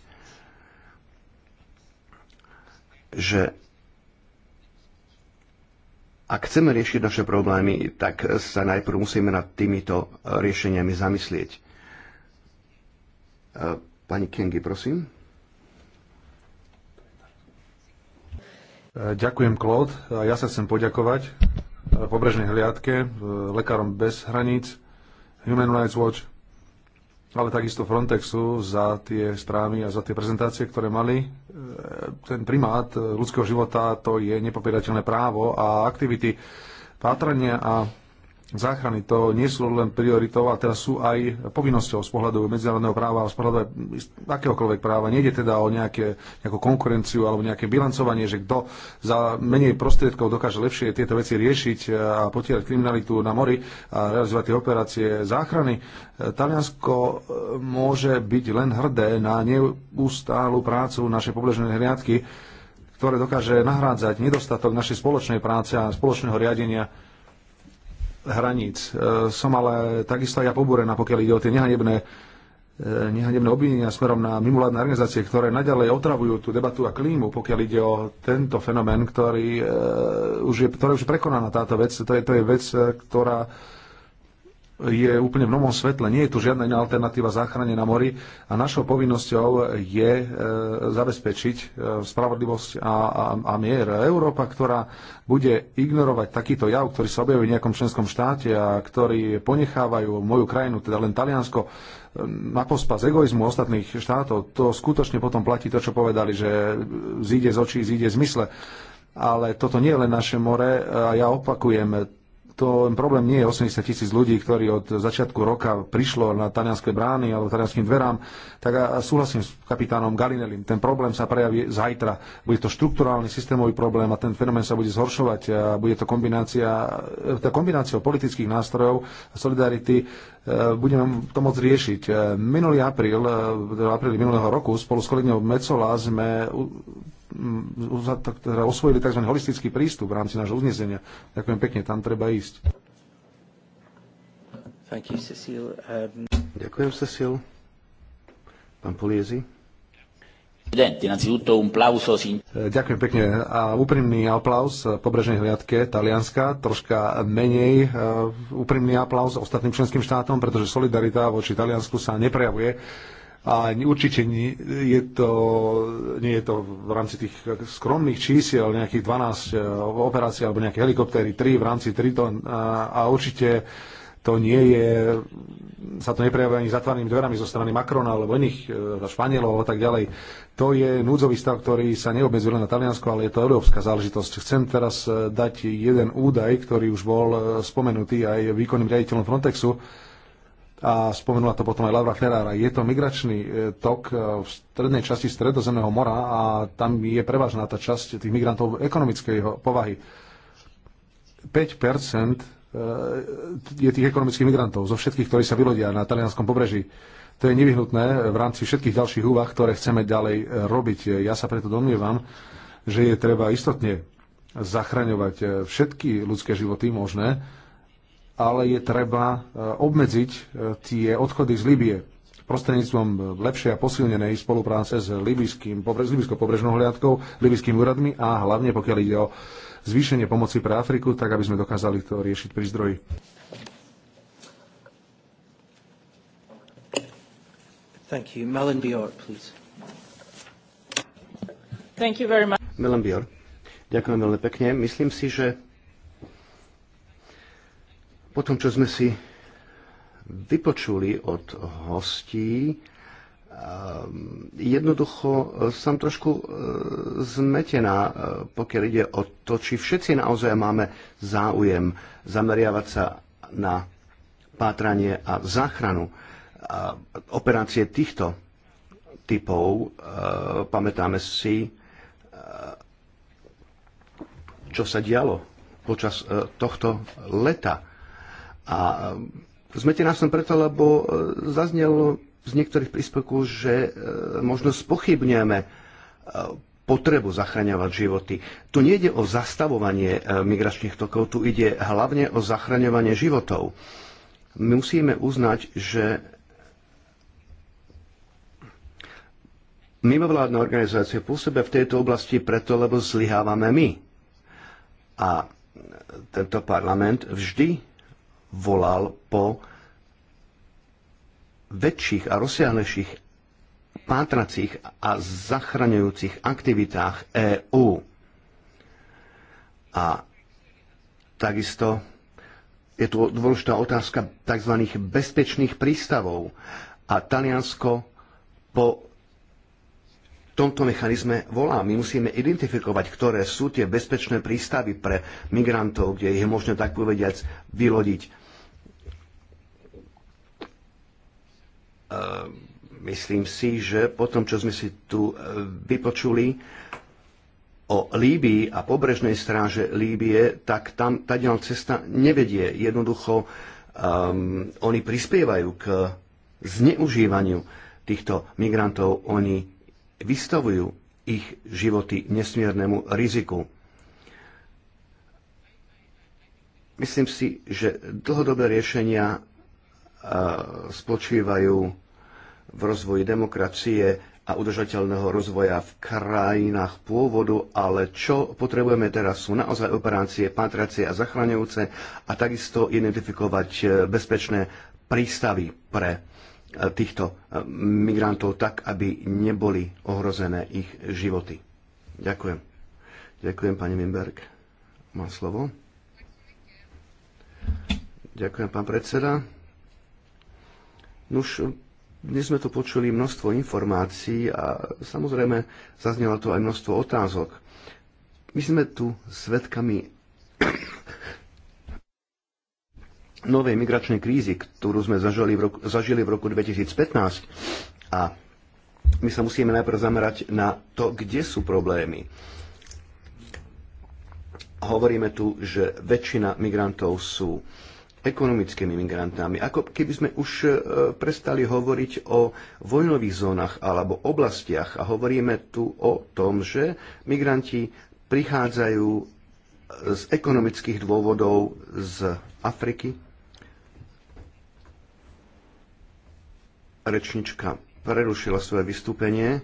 Speaker 1: že ak chceme riešiť naše problémy, tak sa najprv musíme nad týmito riešeniami zamyslieť e, Pani Kengi, prosím.
Speaker 3: E, ďakujem, Klód. E, ja sa chcem poďakovať e, pobrežnej hliadke, Lekárom bez hraníc, Human Rights Watch, ale takisto Frontexu za tie správy a za tie prezentácie, ktoré mali. Ten primát ľudského života to je nepopierateľné právo a aktivity pátrania a záchrany to nie sú len prioritou a teraz sú aj povinnosťou z pohľadu medzinárodného práva, a z pohľadu akéhokoľvek práva. Nejde teda o nejaké, nejakú konkurenciu alebo nejaké bilancovanie, že kto za menej prostriedkov dokáže lepšie tieto veci riešiť a potierať kriminalitu na mori a realizovať tie operácie záchrany. Taliansko e, môže byť len hrdé na neustálu prácu našej pobrežnej hriadky, ktoré dokáže nahrádzať nedostatok našej spoločnej práce a spoločného riadenia hraníc. E, som ale takisto aj ja pobúrená, pokiaľ ide o tie nehanebné, e, nehanebné obvinenia smerom na mimovládne organizácie, ktoré naďalej otravujú tú debatu a klímu, pokiaľ ide o tento fenomén, ktorý e, už je, ktoré už je prekonaná táto vec. To je, to je vec, ktorá je úplne v novom svetle. Nie je tu žiadna iná alternatíva záchrane na mori a našou povinnosťou je e, zabezpečiť e, spravodlivosť a, a, a mier. Európa, ktorá bude ignorovať takýto jav, ktorý sa objaví v nejakom členskom štáte a ktorý ponechávajú moju krajinu, teda len Taliansko, e, na z egoizmu ostatných štátov, to skutočne potom platí to, čo povedali, že zíde z očí, zíde z mysle. Ale toto nie je len naše more a ja opakujem, to problém nie je 80 tisíc ľudí, ktorí od začiatku roka prišlo na talianské brány alebo talianským dverám, tak a súhlasím s kapitánom Galinelim. Ten problém sa prejaví zajtra. Bude to štrukturálny systémový problém a ten fenomén sa bude zhoršovať a bude to kombinácia, e, kombinácia politických nástrojov a solidarity e, budeme to môcť riešiť. E, minulý apríl, teda apríl minulého roku spolu s kolegyňou Mecola sme teda osvojili tzv. holistický prístup v rámci nášho uznesenia. Ďakujem pekne, tam treba ísť. Thank you, Cecil. Um... Ďakujem, Cecil.
Speaker 1: Pán Poliezi. E,
Speaker 3: ďakujem pekne a úprimný aplaus pobrežnej hliadke Talianska, troška menej e, úprimný aplaus ostatným členským štátom, pretože solidarita voči Taliansku sa neprejavuje a určite nie je to, nie je to v rámci tých skromných čísiel, nejakých 12 e, operácií alebo nejaké helikoptéry, 3 v rámci Triton a, a určite to nie je, sa to neprejavuje ani zatvorenými dverami zo strany Macrona alebo iných e, Španielov a tak ďalej. To je núdzový stav, ktorý sa neobmedzuje na Taliansko, ale je to európska záležitosť. Chcem teraz e, dať jeden údaj, ktorý už bol spomenutý aj výkonným riaditeľom Frontexu, a spomenula to potom aj Laura Ferrara. Je to migračný e, tok e, v strednej časti Stredozemného mora a tam je prevažná tá časť tých migrantov ekonomickej povahy. 5% e, je tých ekonomických migrantov zo všetkých, ktorí sa vylodia na talianskom pobreží. To je nevyhnutné v rámci všetkých ďalších úvah, ktoré chceme ďalej robiť. Ja sa preto domnievam, že je treba istotne zachraňovať všetky ľudské životy možné, ale je treba e, obmedziť e, tie odchody z Libie prostredníctvom e, lepšej a posilnenej spolupráce s, libyským, libyskou pobrežnou hliadkou, libyskými úradmi a hlavne pokiaľ ide o zvýšenie pomoci pre Afriku, tak aby sme dokázali to riešiť pri zdroji.
Speaker 1: Thank you. please.
Speaker 3: Thank you very much.
Speaker 1: Ďakujem veľmi pekne. Myslím si, že po tom, čo sme si vypočuli od hostí, ehm, jednoducho e, som trošku e, zmetená, e, pokiaľ ide o to, či všetci naozaj máme záujem zameriavať sa na pátranie a záchranu operácie týchto typov. Pamätáme si, čo sa dialo počas tohto leta a zmetená e, som preto, lebo e, zaznelo z niektorých príspevkov, že e, možno spochybňujeme potrebu zachraňovať životy. Tu nejde o zastavovanie migračných tokov, tu ide hlavne o zachraňovanie životov. My musíme uznať, že mimovládne organizácie pôsobia v tejto oblasti preto, lebo zlyhávame my. A tento parlament vždy volal po väčších a rozsiahlejších pátracích a zachraňujúcich aktivitách EÚ. A takisto je tu dôležitá otázka tzv. bezpečných prístavov. A Taliansko po tomto mechanizme volá. My musíme identifikovať, ktoré sú tie bezpečné prístavy pre migrantov, kde ich je možné tak povediac vylodiť. Ehm, myslím si, že po tom, čo sme si tu e, vypočuli o Líbii a pobrežnej stráže Líbie, tak tam tá cesta nevedie. Jednoducho um, oni prispievajú k zneužívaniu týchto migrantov. Oni vystavujú ich životy nesmiernemu riziku. Myslím si, že dlhodobé riešenia e, spočívajú v rozvoji demokracie a udržateľného rozvoja v krajinách pôvodu, ale čo potrebujeme teraz sú naozaj operácie pátracie a zachraňujúce a takisto identifikovať e, bezpečné prístavy pre e, týchto e, migrantov tak, aby neboli ohrozené ich životy. Ďakujem. Ďakujem, pani Mimberg. Má slovo. Ďakujem, pán predseda. Nuž, dnes sme tu počuli množstvo informácií a samozrejme zaznelo tu aj množstvo otázok. My sme tu svedkami novej migračnej krízy, ktorú sme zažili v roku, zažili v roku 2015 a my sa musíme najprv zamerať na to, kde sú problémy. Hovoríme tu, že väčšina migrantov sú ekonomickými migrantami. Ako keby sme už e, prestali hovoriť o vojnových zónach alebo oblastiach a hovoríme tu o tom, že migranti prichádzajú e, z ekonomických dôvodov z Afriky. Rečnička prerušila svoje vystúpenie.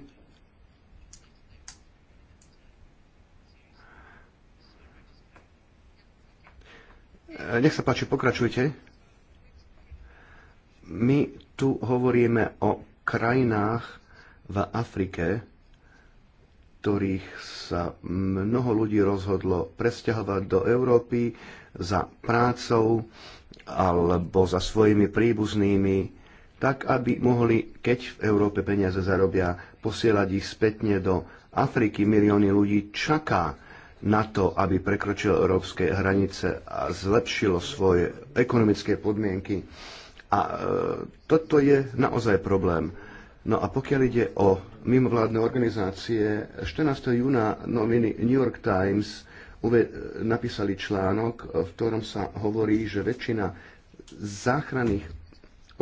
Speaker 1: E, nech sa páči, pokračujte. My tu hovoríme o krajinách v Afrike, ktorých sa mnoho ľudí rozhodlo presťahovať do Európy za prácou alebo za svojimi príbuznými, tak aby mohli, keď v Európe peniaze zarobia, posielať ich spätne do Afriky. Milióny ľudí čaká na to, aby prekročil európske hranice a zlepšilo svoje ekonomické podmienky. A e, toto je naozaj problém. No a pokiaľ ide o mimovládne organizácie, 14. júna noviny New York Times napísali článok, v ktorom sa hovorí, že väčšina záchranných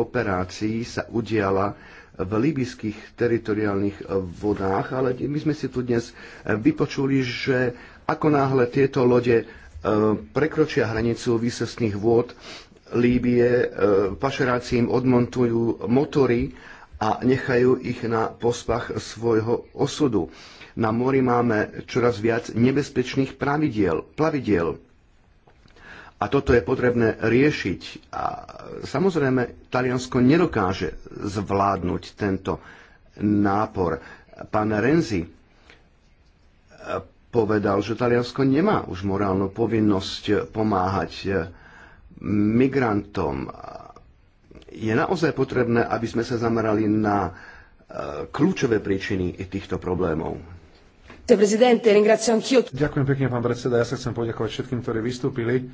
Speaker 1: operácií sa udiala v libyských teritoriálnych vodách, ale my sme si tu dnes vypočuli, že ako náhle tieto lode e, prekročia hranicu výsostných vôd Líbie, e, pašeráci im odmontujú motory a nechajú ich na pospach svojho osudu. Na mori máme čoraz viac nebezpečných pravidiel, plavidiel. A toto je potrebné riešiť. A samozrejme, Taliansko nedokáže zvládnuť tento nápor. Pán Renzi povedal, že Taliansko nemá už morálnu povinnosť pomáhať e, migrantom. Je naozaj potrebné, aby sme sa zamerali na e, kľúčové príčiny týchto problémov.
Speaker 3: Ďakujem pekne, pán predseda. Ja sa chcem poďakovať všetkým, ktorí vystúpili, e,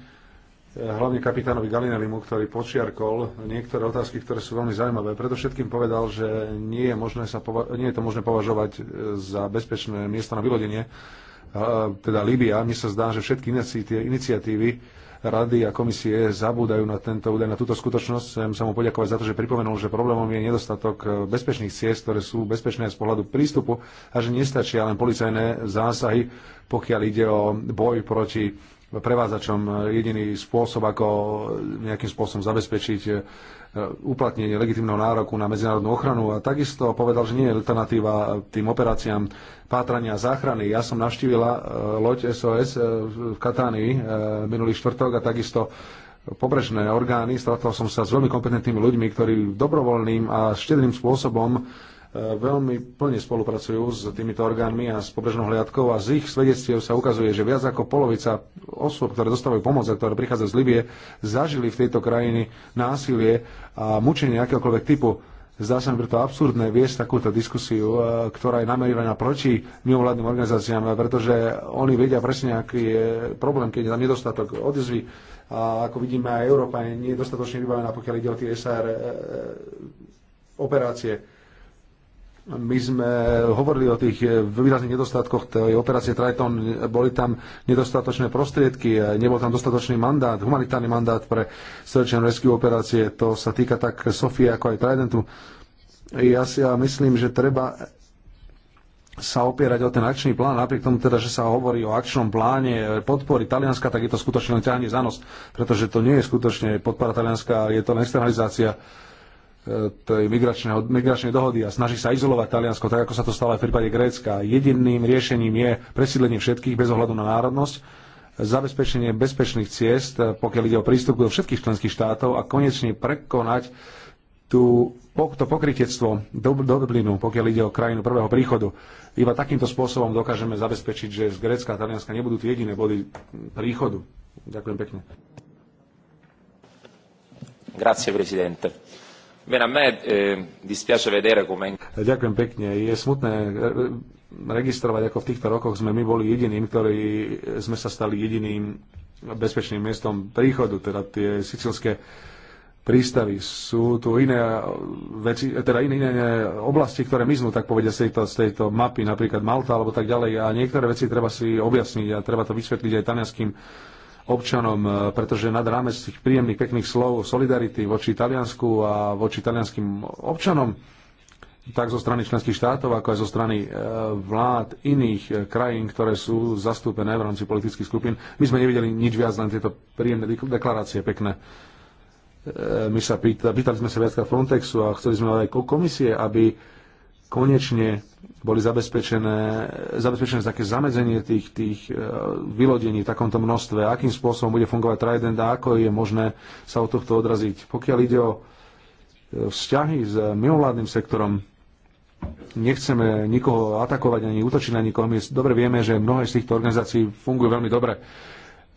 Speaker 3: hlavne kapitánovi Galinelimu, ktorý počiarkol niektoré otázky, ktoré sú veľmi zaujímavé. Preto všetkým povedal, že nie je, možné sa pova- nie je to možné považovať za bezpečné miesto na vylodenie teda Libia, mne sa zdá, že všetky iniciatívy rady a komisie zabúdajú na tento údaj, na túto skutočnosť. Chcem sa mu poďakovať za to, že pripomenul, že problémom je nedostatok e, bezpečných ciest, ktoré sú bezpečné z pohľadu prístupu a že nestačia len policajné zásahy, pokiaľ ide o boj proti prevádzačom e, jediný spôsob, ako nejakým spôsobom zabezpečiť e, uplatnenie legitimného nároku na medzinárodnú ochranu a takisto povedal, že nie je alternatíva tým operáciám pátrania a záchrany. Ja som navštívila e, loď SOS v Katánii minulý štvrtok a takisto pobrežné orgány. Stretol som sa s veľmi kompetentnými ľuďmi, ktorí dobrovoľným a štedrým spôsobom veľmi plne spolupracujú s týmito orgánmi a s pobrežnou hliadkou a z ich svedectiev sa ukazuje, že viac ako polovica osôb, ktoré dostávajú pomoc a ktoré prichádzajú z Libie, zažili v tejto krajine násilie a mučenie akéhokoľvek typu. Zdá sa mi preto absurdné viesť takúto diskusiu, e, ktorá je namerovaná proti mimovládnym organizáciám, e, pretože oni vedia presne, aký je problém, keď je tam nedostatok odzvy. A ako vidíme, aj Európa je nedostatočne vybavená, pokiaľ ide o tie SR e, operácie my sme hovorili o tých eh, výrazných nedostatkoch tej operácie Triton. Boli tam nedostatočné prostriedky, eh, nebol tam dostatočný mandát, humanitárny mandát pre search and rescue operácie. To sa týka tak Sofie ako aj Tridentu. Ja si ja myslím, že treba sa opierať o ten akčný plán, napriek tomu teda, že sa hovorí o akčnom pláne podpory Talianska, tak je to skutočne len ťahanie za nos, pretože to nie je skutočne podpora Talianska, je to len externalizácia uh, tej migračnej dohody a snaží sa izolovať Taliansko, tak ako sa to stalo aj v prípade Grécka. Jediným riešením je presídlenie všetkých bez ohľadu na národnosť, zabezpečenie bezpečných ciest, pokiaľ ide o prístup do všetkých členských štátov a konečne prekonať tú, to do Dublinu, pokiaľ ide o krajinu prvého príchodu. Iba takýmto spôsobom dokážeme zabezpečiť, že z Grécka a Talianska nebudú tie jediné body príchodu. Ďakujem pekne. Grazie, presidente. Ehm, Ďakujem pekne. Je smutné eh, registrovať, ako v týchto rokoch sme my boli jediným, ktorí eh, sme sa stali jediným bezpečným miestom príchodu, teda tie sicilské prístavy. Sú tu iné eh, veci, teda iné, iné oblasti, ktoré miznú, tak povedia z tejto, z tejto mapy, napríklad Malta alebo tak ďalej. A niektoré veci treba si objasniť a treba to vysvetliť aj talianským občanom, e, pretože nad rámec tých príjemných pekných slov solidarity voči Taliansku a voči talianským občanom, tak zo strany členských štátov, ako aj zo strany e, vlád iných e, krajín, ktoré sú zastúpené v rámci politických skupín, my sme nevideli nič viac, len tieto príjemné deklarácie pekné. My sa pýtali, pýtali sme sa viackrát Frontexu a chceli sme aj komisie, aby konečne boli zabezpečené, zabezpečené také zamedzenie tých, tých e, vylodení v takomto množstve, akým spôsobom bude fungovať Trident a ako je možné sa od tohto odraziť. Pokiaľ ide o e, vzťahy s mimovládnym sektorom, nechceme nikoho atakovať ani útočiť na nikoho. My dobre vieme, že mnohé z týchto organizácií fungujú veľmi dobre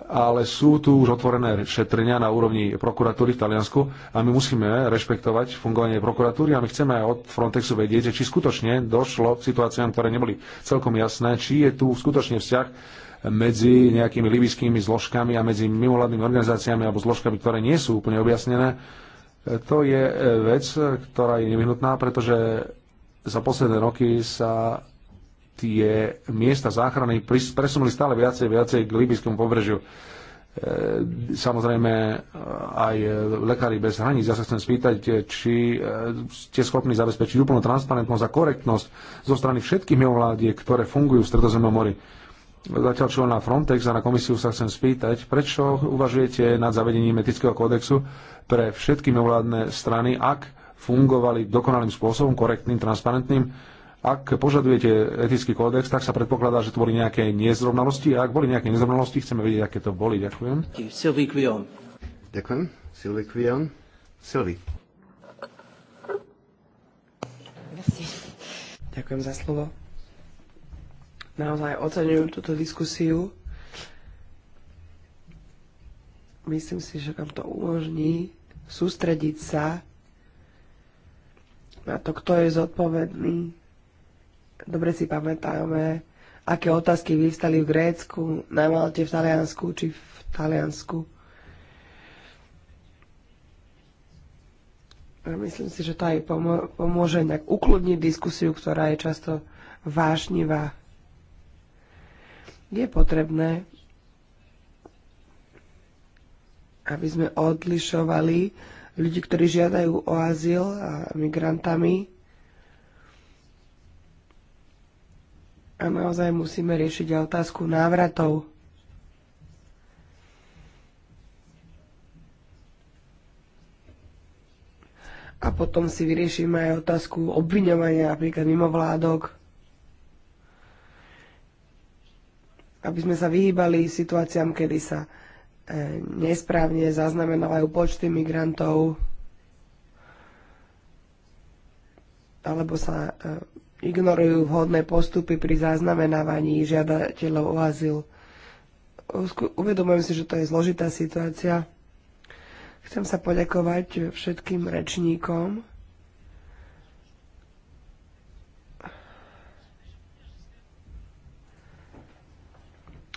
Speaker 3: ale sú tu už otvorené šetrenia na úrovni prokuratúry v Taliansku a my musíme rešpektovať fungovanie prokuratúry a my chceme aj od Frontexu vedieť, že či skutočne došlo k situáciám, ktoré neboli celkom jasné, či je tu skutočne vzťah medzi nejakými libyskými zložkami a medzi mimovládnymi organizáciami alebo zložkami, ktoré nie sú úplne objasnené. To je vec, ktorá je nevyhnutná, pretože za posledné roky sa tie miesta záchrany presunuli stále viacej, viacej k libyskému pobrežiu. E, samozrejme aj lekári bez hraníc. Ja sa chcem spýtať, či e, ste schopní zabezpečiť úplnú transparentnosť a korektnosť zo strany všetkých mimovládiek, ktoré fungujú v Stredozemnom mori. Zatiaľ čo na Frontex a na komisiu sa chcem spýtať, prečo uvažujete nad zavedením etického kódexu pre všetky mimovládne strany, ak fungovali dokonalým spôsobom, korektným, transparentným, ak požadujete etický kódex, tak sa predpokladá, že tu boli nejaké nezrovnalosti a ak boli nejaké nezrovnalosti, chceme vedieť, aké to boli. Ďakujem.
Speaker 1: Ďakujem.
Speaker 2: Ďakujem za slovo. Naozaj oceňujem túto diskusiu. Myslím si, že nám to umožní sústrediť sa na to, kto je zodpovedný Dobre si pamätáme, aké otázky vyvstali v Grécku, na Malte, v Taliansku či v Taliansku. A myslím si, že to aj pomôže nejak ukludniť diskusiu, ktorá je často vášnivá. Je potrebné, aby sme odlišovali ľudí, ktorí žiadajú o azyl a migrantami, A naozaj musíme riešiť aj otázku návratov. A potom si vyriešime aj otázku obviňovania napríklad mimovládok, aby sme sa vyhýbali situáciám, kedy sa e, nesprávne zaznamenávajú počty migrantov alebo sa e, ignorujú vhodné postupy pri zaznamenávaní žiadateľov o azyl. Uvedomujem si, že to je zložitá situácia. Chcem sa poďakovať všetkým rečníkom.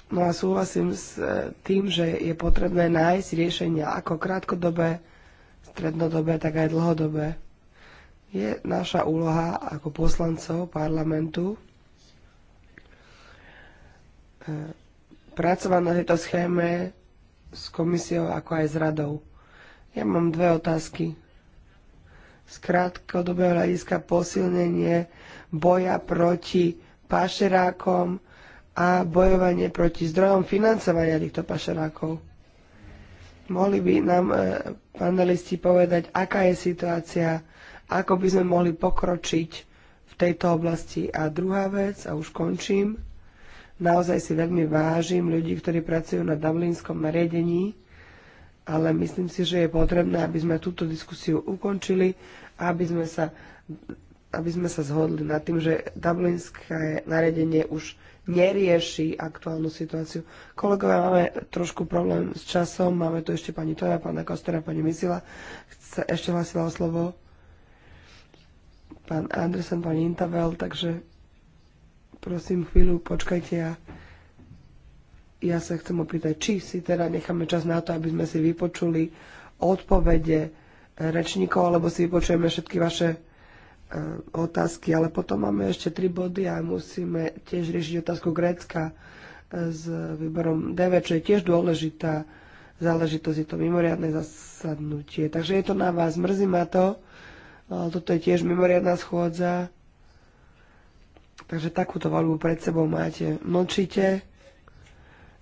Speaker 2: No a súhlasím s e, tým, že je potrebné nájsť riešenia ako krátkodobé, strednodobé, tak aj dlhodobé je naša úloha ako poslancov parlamentu e, pracovať na tejto schéme s komisiou ako aj s radou. Ja mám dve otázky. Z krátkodobého hľadiska posilnenie boja proti pašerákom a bojovanie proti zdrojom financovania týchto pašerákov. Mohli by nám e, panelisti povedať, aká je situácia ako by sme mohli pokročiť v tejto oblasti. A druhá vec, a už končím, naozaj si veľmi vážim ľudí, ktorí pracujú na Dublinskom nariadení, ale myslím si, že je potrebné, aby sme túto diskusiu ukončili, aby sme sa, aby sme sa zhodli nad tým, že Dublinské nariadenie už nerieši aktuálnu situáciu. Kolegovia, máme trošku problém s časom. Máme tu ešte pani Toja, pána Kostora, pani Misila. Chce, ešte hlasila o slovo pán Andresen, pani Intavel, takže prosím chvíľu, počkajte a ja sa chcem opýtať, či si teda necháme čas na to, aby sme si vypočuli odpovede rečníkov, alebo si vypočujeme všetky vaše e, otázky, ale potom máme ešte tri body a musíme tiež riešiť otázku Grécka e, s výborom DV, čo je tiež dôležitá záležitosť, je to mimoriadne zasadnutie. Takže je to na vás, mrzí ma to, ale toto je tiež mimoriadná schôdza. Takže takúto voľbu pred sebou máte. Mlčite.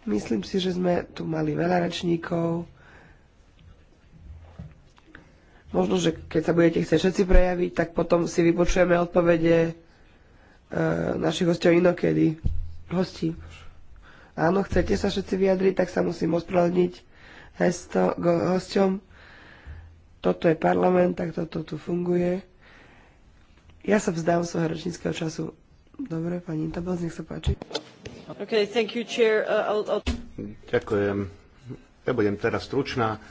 Speaker 2: Myslím si, že sme tu mali veľa rečníkov. Možno, že keď sa budete chcieť všetci prejaviť, tak potom si vypočujeme odpovede e, našich hostov inokedy. Hosti. Áno, chcete sa všetci vyjadriť, tak sa musím ospravedlniť hostom toto je parlament, tak toto tu funguje. Ja sa vzdám svojho ročníckého času. Dobre, pani Tabels, nech sa páči. Okay, thank you, chair. Uh, I'll, I'll...
Speaker 1: Ďakujem. Ja budem teraz stručná.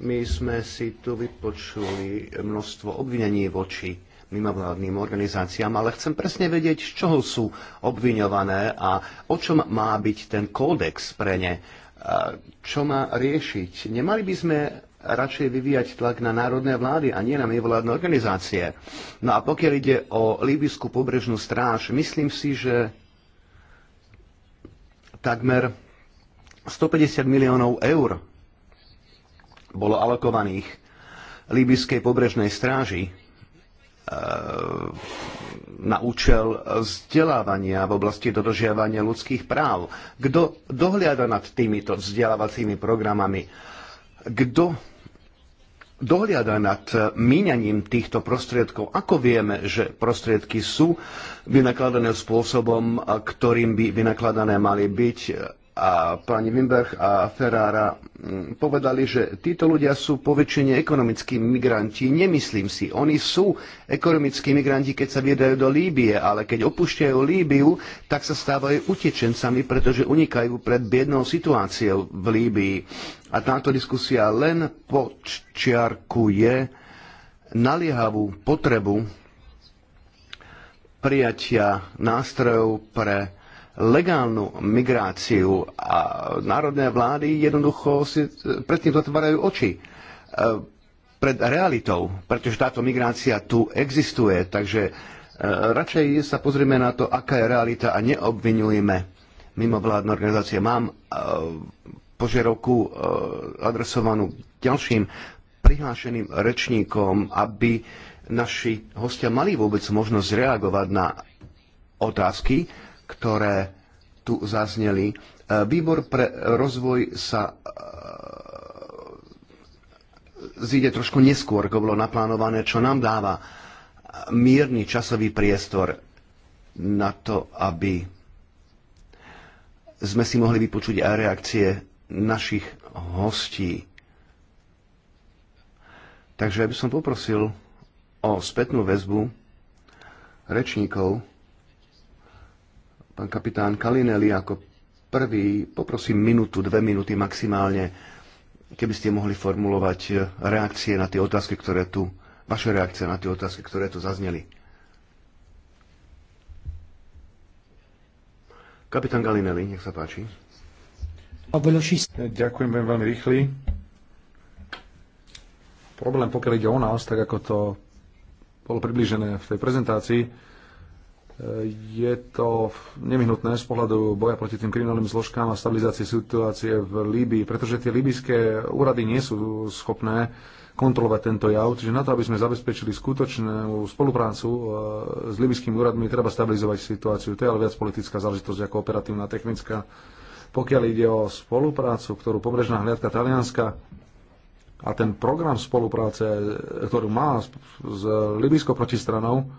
Speaker 1: My sme si tu vypočuli množstvo obvinení voči mimovládnym organizáciám, ale chcem presne vedieť, z čoho sú obviňované a o čom má byť ten kódex pre ne. Čo má riešiť? Nemali by sme radšej vyvíjať tlak na národné vlády a nie na mimovládne organizácie. No a pokiaľ ide o líbyskú pobrežnú stráž, myslím si, že takmer 150 miliónov eur bolo alokovaných líbyskej pobrežnej stráži e, na účel vzdelávania v oblasti dodržiavania ľudských práv. Kto dohliada nad týmito vzdelávacími programami? Kto dohliada nad eh, míňaním týchto prostriedkov. Ako vieme, že prostriedky sú vynakladané spôsobom, eh, ktorým by vynakladané mali byť? a pani Wimberg a Ferrara mm, povedali, že títo ľudia sú poväčšine ekonomickí migranti. Nemyslím si, oni sú ekonomickí migranti, keď sa vydajú do Líbie, ale keď opúšťajú Líbiu, tak sa stávajú utečencami, pretože unikajú pred biednou situáciou v Líbii. A táto diskusia len počiarkuje naliehavú potrebu prijatia nástrojov pre legálnu migráciu a národné vlády jednoducho si predtým zatvárajú oči e, pred realitou, pretože táto migrácia tu existuje, takže e, radšej sa pozrieme na to, aká je realita a neobvinujeme mimovládne organizácie. Mám e, požiarovku adresovanú ďalším prihlášeným rečníkom, aby naši hostia mali vôbec možnosť reagovať na otázky, ktoré tu zazneli. E, Výbor pre rozvoj sa e, zíde trošku neskôr, ako bolo naplánované, čo nám dáva mierny časový priestor na to, aby sme si mohli vypočuť aj reakcie našich hostí. Takže ja by som poprosil o spätnú väzbu rečníkov, Pán kapitán Kalinelli, ako prvý, poprosím minútu, dve minúty maximálne, keby ste mohli formulovať reakcie na tie otázky, ktoré tu, vaše reakcie na tie otázky, ktoré tu zazneli. Kapitán Galinelli, nech sa páči. Ďakujem veľmi rýchly.
Speaker 3: Problém, pokiaľ ide o nás, tak ako to bolo približené v tej prezentácii, je to nevyhnutné z pohľadu boja proti tým kriminálnym zložkám a stabilizácie situácie v Líbii, pretože tie líbyjské úrady nie sú schopné kontrolovať tento jav, čiže na to, aby sme zabezpečili skutočnú spoluprácu e, s líbyskými úradmi, treba stabilizovať situáciu. To je ale viac politická záležitosť ako operatívna, technická. Pokiaľ ide o spoluprácu, ktorú pobrežná hliadka Talianska a ten program spolupráce, e, ktorú má s libyskou protistranou,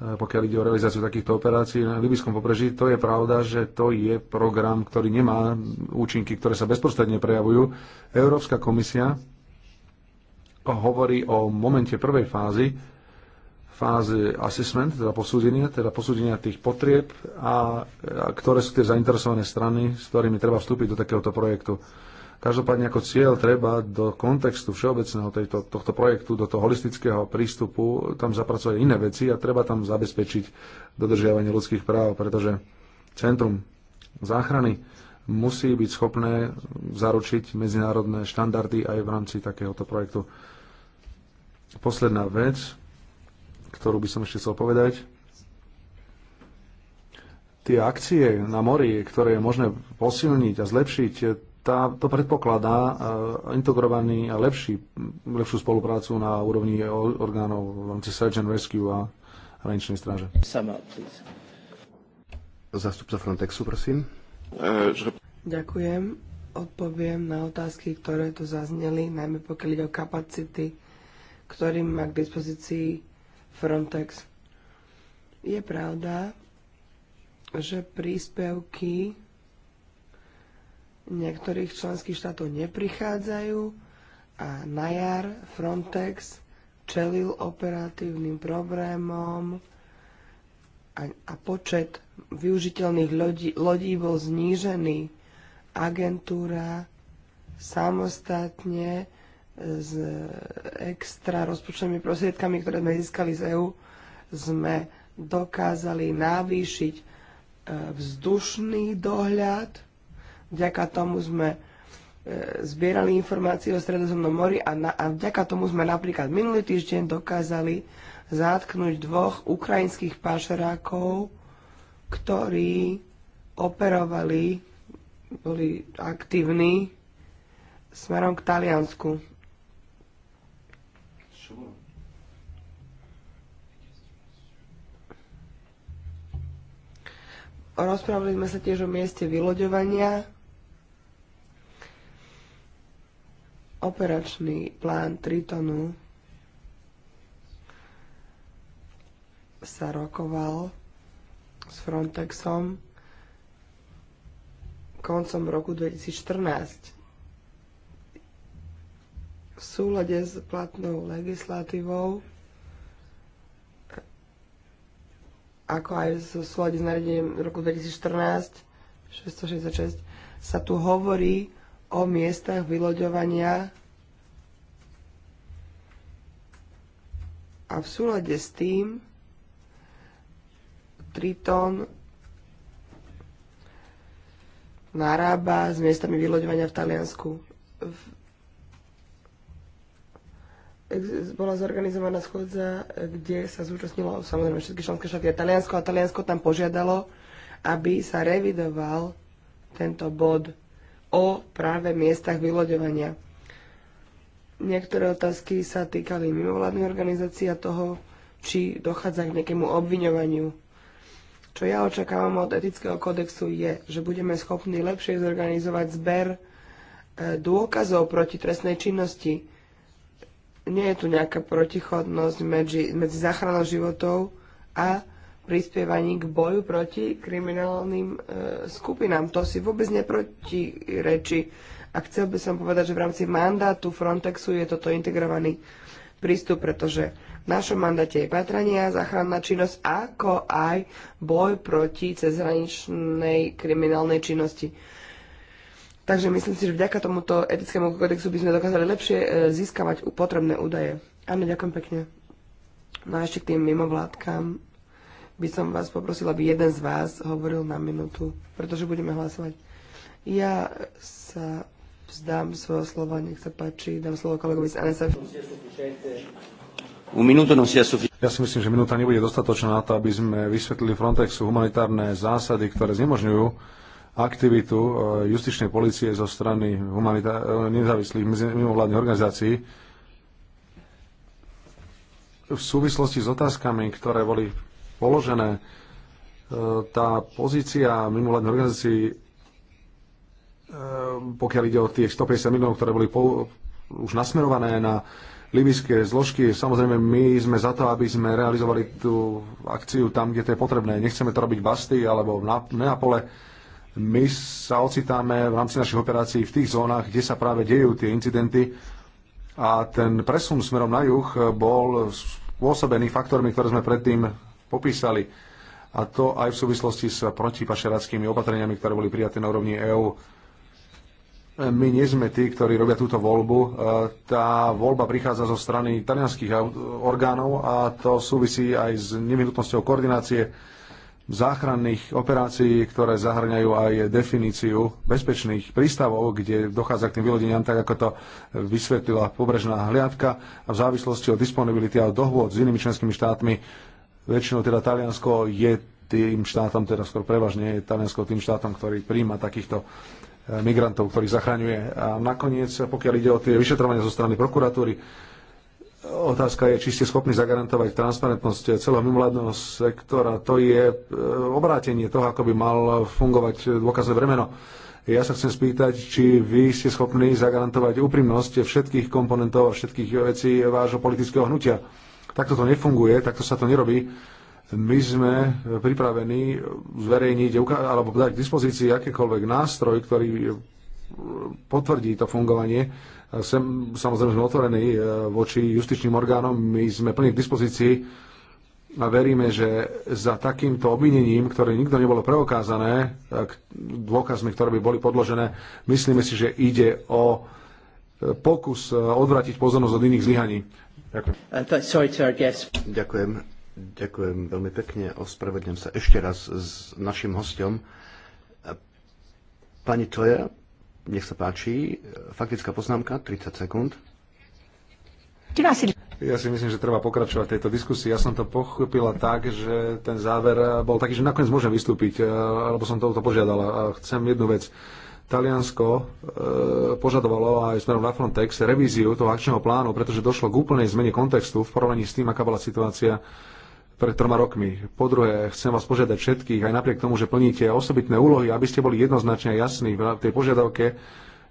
Speaker 3: Eh, pokiaľ ide o realizáciu takýchto operácií na Libyskom pobreží. To je pravda, že to je program, ktorý nemá účinky, ktoré sa bezprostredne prejavujú. Európska komisia hovorí o momente prvej fázy, fáze assessment, teda posúdenia, teda posúdenia tých potrieb a, a ktoré sú tie zainteresované strany, s ktorými treba vstúpiť do takéhoto projektu Každopádne ako cieľ treba do kontextu všeobecného tejto, tohto projektu, do toho holistického prístupu, tam zapracovať iné veci a treba tam zabezpečiť dodržiavanie ľudských práv, pretože centrum záchrany musí byť schopné zaručiť medzinárodné štandardy aj v rámci takéhoto projektu. Posledná vec, ktorú by som ešte chcel povedať, tie akcie na mori, ktoré je možné posilniť a zlepšiť, tá, to predpokladá eh, integrovaný a lepší, lepšiu spoluprácu na úrovni orgánov v rámci Search and Rescue
Speaker 1: a hraničnej stráže. Sama, please. Zástupca Frontexu, prosím.
Speaker 2: Eh, Ďakujem. Odpoviem na otázky, ktoré tu zazneli, najmä pokiaľ ide o kapacity, ktorým má k dispozícii Frontex. Je pravda, že príspevky niektorých členských štátov neprichádzajú a na jar Frontex čelil operatívnym problémom a, a počet využiteľných lodí, lodí bol znížený. Agentúra samostatne e, s extra rozpočtovými prostriedkami, ktoré sme získali z EÚ, sme dokázali navýšiť e, vzdušný dohľad Vďaka tomu sme e, zbierali informácie o Stredozemnom mori a, na, a vďaka tomu sme napríklad minulý týždeň dokázali zátknúť dvoch ukrajinských pašerákov, ktorí operovali, boli aktívni smerom k Taliansku. Rozprávali sme sa tiež o mieste vyloďovania Operačný plán Tritonu sa rokoval s Frontexom koncom roku 2014. V súlade s platnou legislatívou ako aj v súlade s nariadením roku 2014 666 sa tu hovorí o miestach vyloďovania a v súlade s tým Triton narába s miestami vyloďovania v Taliansku. Bola zorganizovaná schodza, kde sa zúčastnilo samozrejme všetky členské štáty a Taliansko a Taliansko tam požiadalo, aby sa revidoval tento bod o práve miestach vyloďovania. Niektoré otázky sa týkali mimovládnej organizácii a toho, či dochádza k nejakému obviňovaniu. Čo ja očakávam od etického kodexu je, že budeme schopní lepšie zorganizovať zber e, dôkazov proti trestnej činnosti. Nie je tu nejaká protichodnosť medzi, medzi záchranou životov a prispievaní k boju proti kriminálnym e, skupinám. To si vôbec neproti reči. A chcel by som povedať, že v rámci mandátu Frontexu je toto integrovaný prístup, pretože v našom mandáte je a záchranná činnosť, ako aj boj proti cezhraničnej kriminálnej činnosti. Takže myslím si, že vďaka tomuto etickému kodexu by sme dokázali lepšie e, získavať potrebné údaje. Áno, ďakujem pekne. No a ešte k tým mimovládkam by som vás poprosila, aby jeden z vás hovoril na minútu, pretože budeme hlasovať. Ja sa vzdám svojho slova, nech sa páči, dám slovo kolegovi z NSF.
Speaker 1: Ja si myslím, že minúta
Speaker 3: nebude dostatočná na to, aby sme vysvetlili Frontexu humanitárne zásady, ktoré znemožňujú aktivitu e, justičnej policie zo strany e, nezávislých mimovládnych organizácií v súvislosti s otázkami, ktoré boli položené. E, tá pozícia mimovládnej organizácii, e, pokiaľ ide o tých 150 miliónov, ktoré boli po, už nasmerované na libyské zložky. Samozrejme, my sme za to, aby sme realizovali tú akciu tam, kde to je potrebné. Nechceme to robiť v Basti alebo v Neapole. My sa ocitáme v rámci našich operácií v tých zónach, kde sa práve dejú tie incidenty a ten presun smerom na juh bol spôsobený faktormi, ktoré sme predtým popísali, a to aj v súvislosti s protipašeráckými opatreniami, ktoré boli prijaté na úrovni EÚ. My nie sme tí, ktorí robia túto voľbu. E, tá voľba prichádza zo strany talianských orgánov a to súvisí aj s nevyhnutnosťou koordinácie záchranných operácií, ktoré zahrňajú aj definíciu bezpečných prístavov, kde dochádza k tým vylodeniam, tak ako to vysvetlila pobrežná hliadka a v závislosti od disponibility a dohôd s inými členskými štátmi Väčšinou teda Taliansko je tým štátom, teda skôr prevažne je Taliansko tým štátom, ktorý príjma takýchto e, migrantov, ktorý zachraňuje. A nakoniec, pokiaľ ide o tie vyšetrovania zo strany prokuratúry, otázka je, či ste schopní zagarantovať transparentnosť celého mimovládneho sektora. To je e, obrátenie toho, ako by mal fungovať dôkazné vremeno. Ja sa chcem spýtať, či vy ste schopní zagarantovať úprimnosť všetkých komponentov a všetkých vecí vášho politického hnutia Takto to nefunguje, takto sa to nerobí. My sme pripravení zverejniť e, alebo dať k dispozícii akýkoľvek nástroj, ktorý e, potvrdí to fungovanie. E, sem, samozrejme sme otvorení voči justičným orgánom, my sme plní k dispozícii a veríme, že za takýmto obvinením, ktoré nikto nebolo preokázané, dôkazmi, ktoré by boli podložené, myslíme si, že ide o pokus
Speaker 1: eh, odvrátiť pozornosť od iných zlyhaní. Ďakujem. Uh, Ďakujem. Ďakujem veľmi pekne. Ospravedlňujem sa ešte raz s našim hostom. Eh, pani Toja, nech sa páči. Faktická poznámka, 30 sekúnd. Ja si myslím, že treba pokračovať v tejto diskusii. Ja som to pochopila
Speaker 3: tak, že ten záver bol taký, že nakoniec môžem vystúpiť, eh, lebo som toto to požiadala. Chcem jednu vec Taliansko e, požadovalo aj smerom na Frontex revíziu toho akčného plánu, pretože došlo k úplnej zmene kontextu v porovnaní s tým, aká bola situácia pred troma rokmi. Po druhé, chcem vás požiadať všetkých, aj napriek tomu, že plníte osobitné úlohy, aby ste boli jednoznačne jasní v tej požiadavke,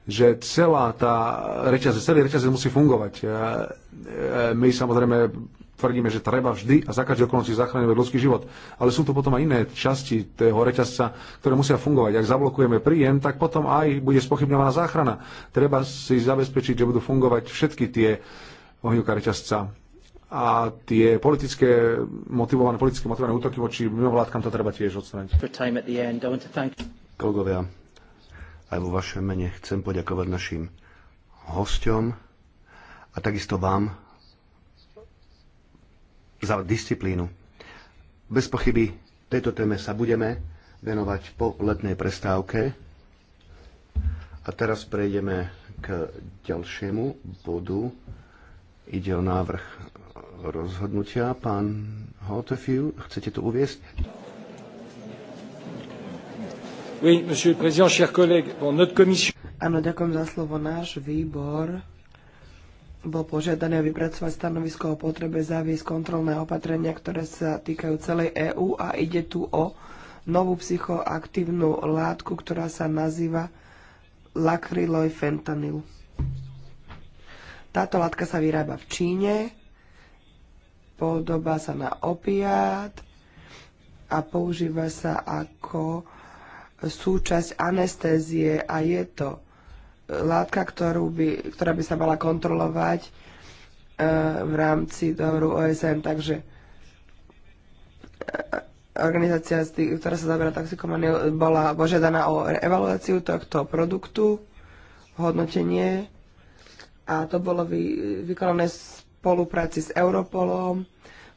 Speaker 3: že celá tá reťaze, celý reťazec musí fungovať. E, e, my samozrejme tvrdíme, že treba vždy a za každé okolnosti zachraňovať ľudský život. Ale sú tu potom aj iné časti toho reťazca, ktoré musia fungovať. Ak zablokujeme príjem, tak potom aj bude spochybňovaná záchrana. Treba si zabezpečiť, že budú fungovať všetky tie ohňovka reťazca. A tie politické motivované, politické motivované útoky voči mimovládkam to treba tiež odstrániť.
Speaker 1: Kolegovia, aj vo vašem mene chcem poďakovať našim hosťom a takisto vám, za disciplínu. Bez pochyby tejto téme sa budeme venovať po letnej prestávke. A teraz prejdeme k ďalšiemu bodu. Ide o návrh rozhodnutia. Pán Hotefiu, chcete to uviesť? Oui, monsieur
Speaker 2: le président, chers collègues, bon, notre commission... Áno, ďakujem za slovo. Náš výbor bol požiadaný vypracovať stanovisko o potrebe zaviesť kontrolné opatrenia, ktoré sa týkajú celej EÚ a ide tu o novú psychoaktívnu látku, ktorá sa nazýva lakryloj fentanyl. Táto látka sa vyrába v Číne, podobá sa na opiát a používa sa ako súčasť anestézie a je to látka, ktorú by, ktorá by sa mala kontrolovať e, v rámci dohovoru OSN. Takže e, organizácia, ktorá sa zabera toxikomaniou, bola požiadaná o evaluáciu tohto produktu, hodnotenie a to bolo vy, vykonané v spolupráci s Europolom.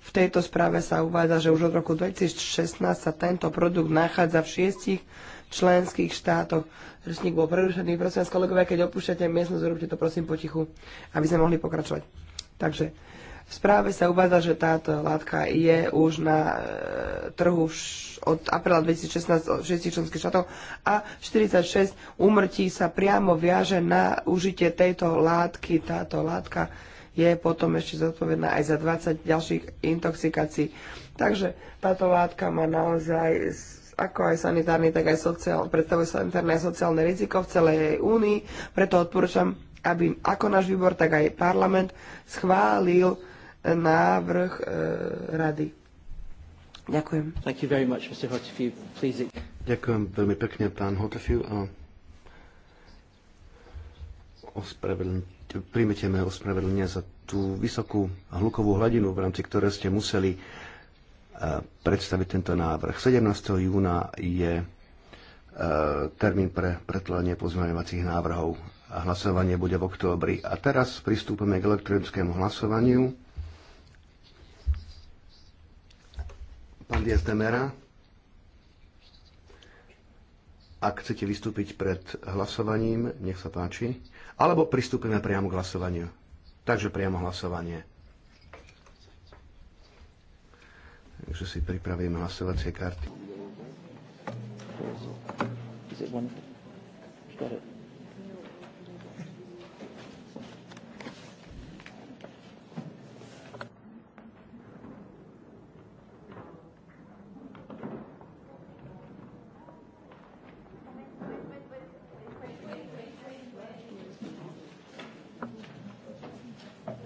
Speaker 2: V tejto správe sa uvádza, že už od roku 2016 sa tento produkt nachádza v šiestich členských štátoch. Rečník bol prerušený. Prosím vás, kolegovia, keď opúšťate miestnosť, zrobte to prosím potichu, aby sme mohli pokračovať. Takže v správe sa uvádza, že táto látka je už na e, trhu š- od apríla 2016 od 6 členských štátov a 46 úmrtí sa priamo viaže na užitie tejto látky. Táto látka je potom ešte zodpovedná aj za 20 ďalších intoxikácií. Takže táto látka má naozaj ako aj sanitárny, tak aj sociál, predstavuje sanitárne a sociálne riziko v celej únii. Preto odporúčam, aby ako náš výbor, tak aj parlament schválil eh, návrh e, rady. Ďakujem.
Speaker 1: Much, Please... Ďakujem veľmi pekne, pán Hotefiu. A ospravedl... Príjmete ospravedlenia za tú vysokú hlukovú hladinu, v rámci ktoré ste museli predstaviť tento návrh. 17. júna je e, termín pre pretlenie pozmeňovacích návrhov. Hlasovanie bude v októbri. A teraz pristúpime k elektronickému hlasovaniu. Pán Diaz Demera, ak chcete vystúpiť pred hlasovaním, nech sa páči. Alebo pristúpime priamo k hlasovaniu. Takže priamo hlasovanie. Takže si pripravíme hlasovacie karty.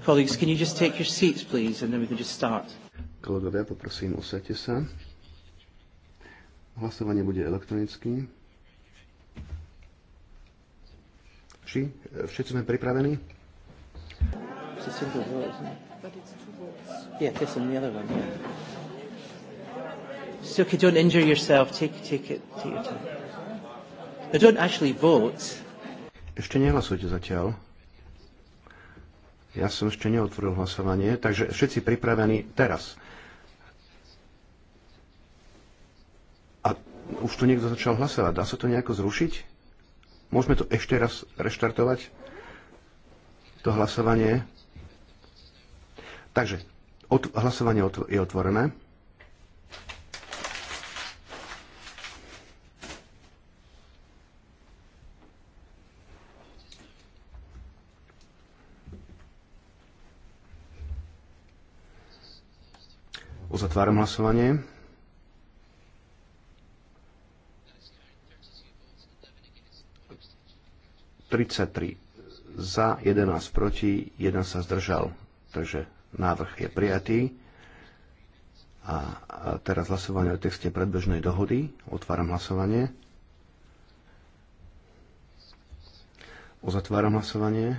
Speaker 2: Colleagues, can you just take your seats, please, and then we can just start.
Speaker 1: Kolegovia, poprosím, usadte sa. Hlasovanie bude elektronicky. Či všetci sme pripravení? So, okay, don't injure yourself. Take, take it. Take your time. They don't actually vote. Ešte nehlasujte zatiaľ. Ja som ešte neotvoril hlasovanie, takže všetci pripravení teraz. A už tu niekto začal hlasovať. Dá sa to nejako zrušiť? Môžeme to ešte raz reštartovať? To hlasovanie. Takže od, hlasovanie otv- je otvorené. Uzatváram hlasovanie. 33 za, 11 proti, 1 sa zdržal. Takže návrh je prijatý. A teraz hlasovanie o texte predbežnej dohody. Otváram hlasovanie. Uzatváram hlasovanie.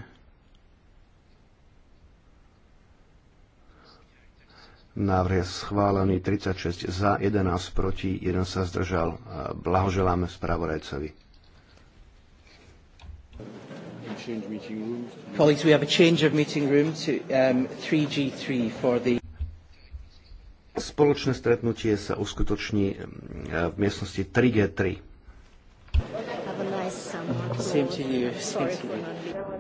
Speaker 1: Návrh je schválený 36 za, 11 proti, 1 sa zdržal. Blahoželáme spravodajcovi change meeting rooms. Colleagues, we have a change of meeting room to um, 3G3 for the Spoločné stretnutie sa uskutoční um, v miestnosti 3G3. Have a nice summer. Same to you. Same to you.